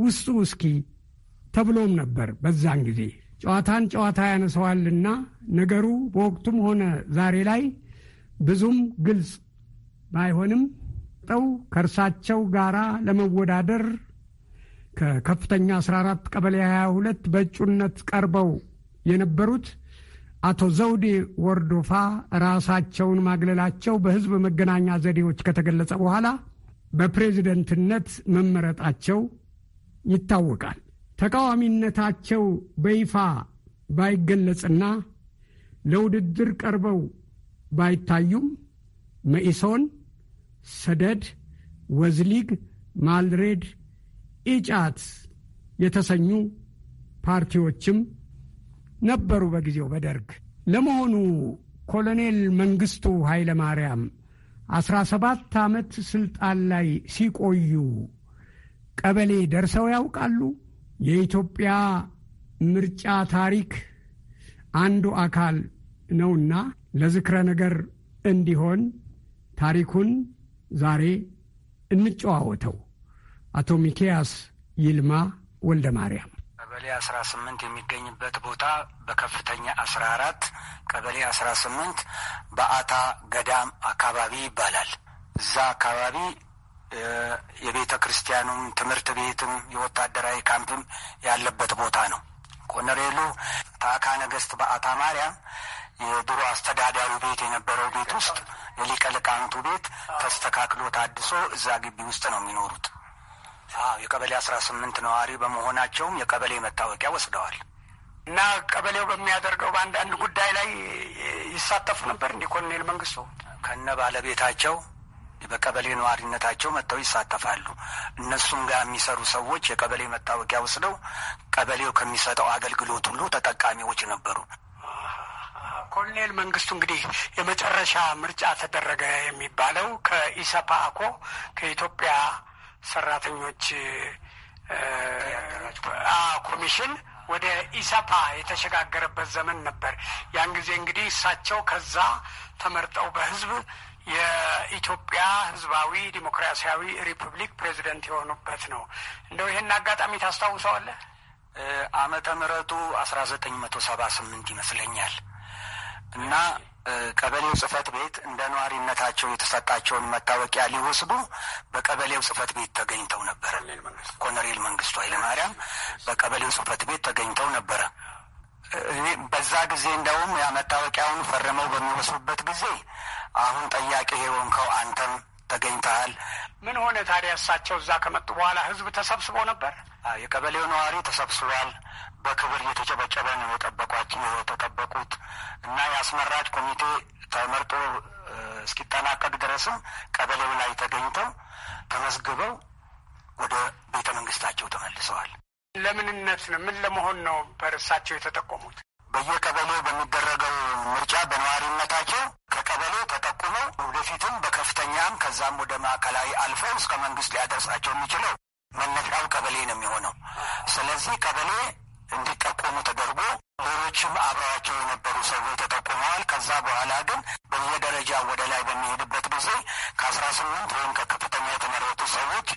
ውስጡ ውስኪ ተብሎም ነበር። በዛን ጊዜ ጨዋታን ጨዋታ ያነሰዋልና ነገሩ በወቅቱም ሆነ ዛሬ ላይ ብዙም ግልጽ ባይሆንም ጠው ከእርሳቸው ጋራ ለመወዳደር ከከፍተኛ 14 ቀበሌ 22 በእጩነት ቀርበው የነበሩት አቶ ዘውዴ ወርዶፋ ራሳቸውን ማግለላቸው በሕዝብ መገናኛ ዘዴዎች ከተገለጸ በኋላ በፕሬዝደንትነት መመረጣቸው ይታወቃል። ተቃዋሚነታቸው በይፋ ባይገለጽና ለውድድር ቀርበው ባይታዩም መኢሶን፣ ሰደድ፣ ወዝሊግ፣ ማልሬድ፣ ኢጫት የተሰኙ ፓርቲዎችም ነበሩ በጊዜው በደርግ። ለመሆኑ ኮሎኔል መንግስቱ ኃይለ ማርያም አስራ ሰባት ዓመት ስልጣን ላይ ሲቆዩ ቀበሌ ደርሰው ያውቃሉ? የኢትዮጵያ ምርጫ ታሪክ አንዱ አካል ነውና ለዝክረ ነገር እንዲሆን ታሪኩን ዛሬ እንጨዋወተው። አቶ ሚኪያስ ይልማ ወልደ ማርያም ቀበሌ አስራ ስምንት የሚገኝበት ቦታ በከፍተኛ አስራ አራት ቀበሌ አስራ ስምንት በአታ ገዳም አካባቢ ይባላል። እዛ አካባቢ የቤተ ክርስቲያኑም ትምህርት ቤትም የወታደራዊ ካምፕም ያለበት ቦታ ነው። ኮነሬሉ ታዕካ ነገስት በአታ ማርያም የድሮ አስተዳዳሪ ቤት የነበረው ቤት ውስጥ የሊቀ ቤት ተስተካክሎ ታድሶ እዛ ግቢ ውስጥ ነው የሚኖሩት። የቀበሌ አስራ ስምንት ነዋሪ በመሆናቸውም የቀበሌ መታወቂያ ወስደዋል። እና ቀበሌው በሚያደርገው በአንዳንድ ጉዳይ ላይ ይሳተፉ ነበር። እንዲ ኮሎኔል መንግስቱ ከነ ባለቤታቸው በቀበሌ ነዋሪነታቸው መጥተው ይሳተፋሉ። እነሱም ጋር የሚሰሩ ሰዎች የቀበሌ መታወቂያ ወስደው ቀበሌው ከሚሰጠው አገልግሎት ሁሉ ተጠቃሚዎች ነበሩ። ኮሎኔል መንግስቱ እንግዲህ የመጨረሻ ምርጫ ተደረገ የሚባለው ከኢሰፓ አኮ ከኢትዮጵያ ሰራተኞች ኮሚሽን ወደ ኢሰፓ የተሸጋገረበት ዘመን ነበር። ያን ጊዜ እንግዲህ እሳቸው ከዛ ተመርጠው በህዝብ የኢትዮጵያ ህዝባዊ ዲሞክራሲያዊ ሪፑብሊክ ፕሬዚደንት የሆኑበት ነው። እንደው ይህን አጋጣሚ ታስታውሰዋለህ? ዓመተ ምሕረቱ አስራ ዘጠኝ መቶ ሰባ ስምንት ይመስለኛል እና ቀበሌው ጽህፈት ቤት እንደ ነዋሪነታቸው የተሰጣቸውን መታወቂያ ሊወስዱ በቀበሌው ጽህፈት ቤት ተገኝተው ነበረ። ኮሎኔል መንግስቱ ኃይለማርያም በቀበሌው ጽህፈት ቤት ተገኝተው ነበረ። በዛ ጊዜ እንደውም ያ መታወቂያውን ፈርመው በሚወስዱበት ጊዜ አሁን ጠያቂ የሆንከው አንተም ተገኝተሃል። ምን ሆነ ታዲያ? እሳቸው እዛ ከመጡ በኋላ ህዝብ ተሰብስቦ ነበር። የቀበሌው ነዋሪ ተሰብስቧል። በክብር እየተጨበጨበ ነው የጠበቋቸው የተጠበቁት እና የአስመራጭ ኮሚቴ ተመርጦ እስኪጠናቀቅ ድረስም ቀበሌው ላይ ተገኝተው ተመዝግበው ወደ ቤተ መንግስታቸው ተመልሰዋል። ለምንነት ነው? ምን ለመሆን ነው በርሳቸው የተጠቆሙት? በየቀበሌው በሚደረገው ምርጫ በነዋሪነታቸው ከፍተኛም ከዛም ወደ ማዕከላዊ አልፈው እስከ መንግስት ሊያደርሳቸው የሚችለው መነሻው ቀበሌ ነው የሚሆነው። ስለዚህ ቀበሌ እንዲጠቆሙ ተደርጎ ሌሎችም አብረዋቸው የነበሩ ሰዎች ተጠቁመዋል። ከዛ በኋላ ግን በየደረጃ ወደ ላይ በሚሄድበት ጊዜ ከአስራ ስምንት ወይም ከከፍተኛ የተመረጡ ሰዎች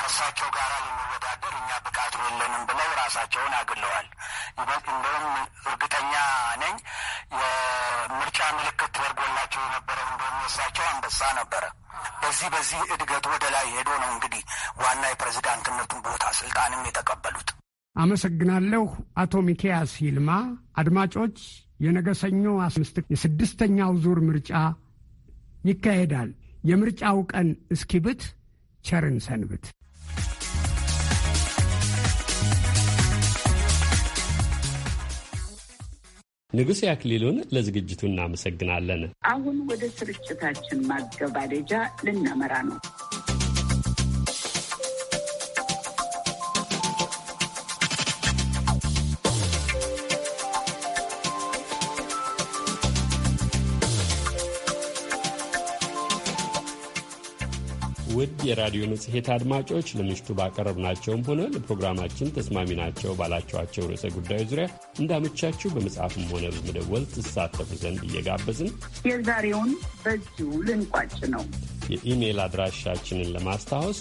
ከእሳቸው ጋር ልንወዳደር እኛ ብቃቱ የለንም ብለው ራሳቸውን አግለዋል። እንደውም እርግጠኛ ነኝ የምርጫ ምልክት ተደርጎላቸው የነበረው እሳቸው አንበሳ ነበረ። በዚህ በዚህ እድገት ወደ ላይ ሄዶ ነው እንግዲህ ዋና የፕሬዚዳንትነቱን ቦታ ስልጣንም የተቀበሉት። አመሰግናለሁ አቶ ሚኪያስ ይልማ። አድማጮች የነገ ሰኞ አምስት የስድስተኛው ዙር ምርጫ ይካሄዳል። የምርጫው ቀን እስኪብት ቸርን ሰንብት። ንጉሴ አክሊሉን ለዝግጅቱ እናመሰግናለን። አሁን ወደ ስርጭታችን ማገባደጃ ልናመራ ነው። ውድ የራዲዮ መጽሔት አድማጮች ለምሽቱ ባቀረብናቸውም ሆነ ለፕሮግራማችን ተስማሚ ናቸው ባላቸዋቸው ርዕሰ ጉዳዮች ዙሪያ እንዳመቻችሁ በመጽሐፍም ሆነ በመደወል ትሳተፉ ዘንድ እየጋበዝን የዛሬውን በዚሁ ልንቋጭ ነው። የኢሜይል አድራሻችንን ለማስታወስ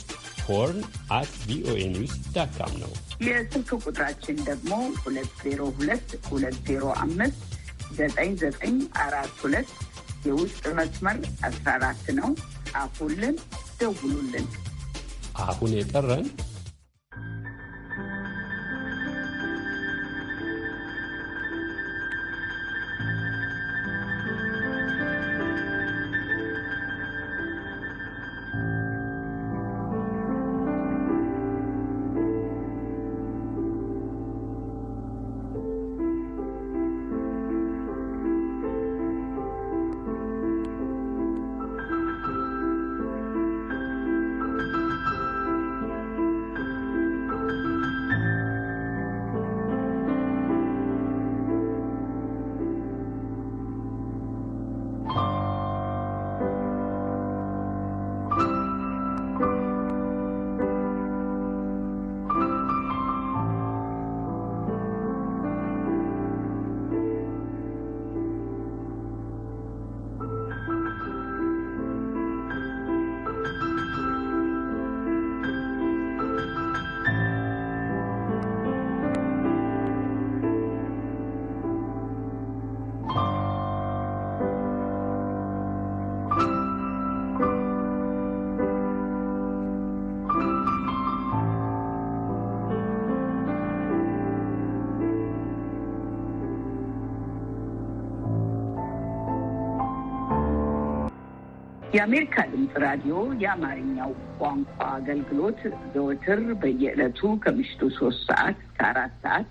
ሆርን አት ቪኦኤ ኒውስ ዳት ነው። የስልክ ቁጥራችን ደግሞ 202 9942 የውስጥ መስመር 14 ነው። ጻፉልን። ደውሉልን። አሁን የቀረን የአሜሪካ ድምፅ ራዲዮ የአማርኛው ቋንቋ አገልግሎት ዘወትር በየዕለቱ ከምሽቱ ሶስት ሰዓት አራት ሰዓት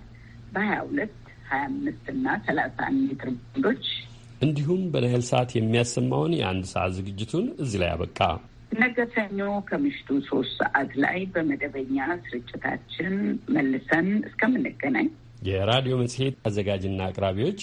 በሀያ ሁለት ሀያ አምስት እና ሰላሳ ሜትር ባንዶች እንዲሁም በናይል ሰዓት የሚያሰማውን የአንድ ሰዓት ዝግጅቱን እዚህ ላይ አበቃ። ነገ ሰኞ ከምሽቱ ሶስት ሰዓት ላይ በመደበኛ ስርጭታችን መልሰን እስከምንገናኝ የራዲዮ መጽሔት አዘጋጅና አቅራቢዎች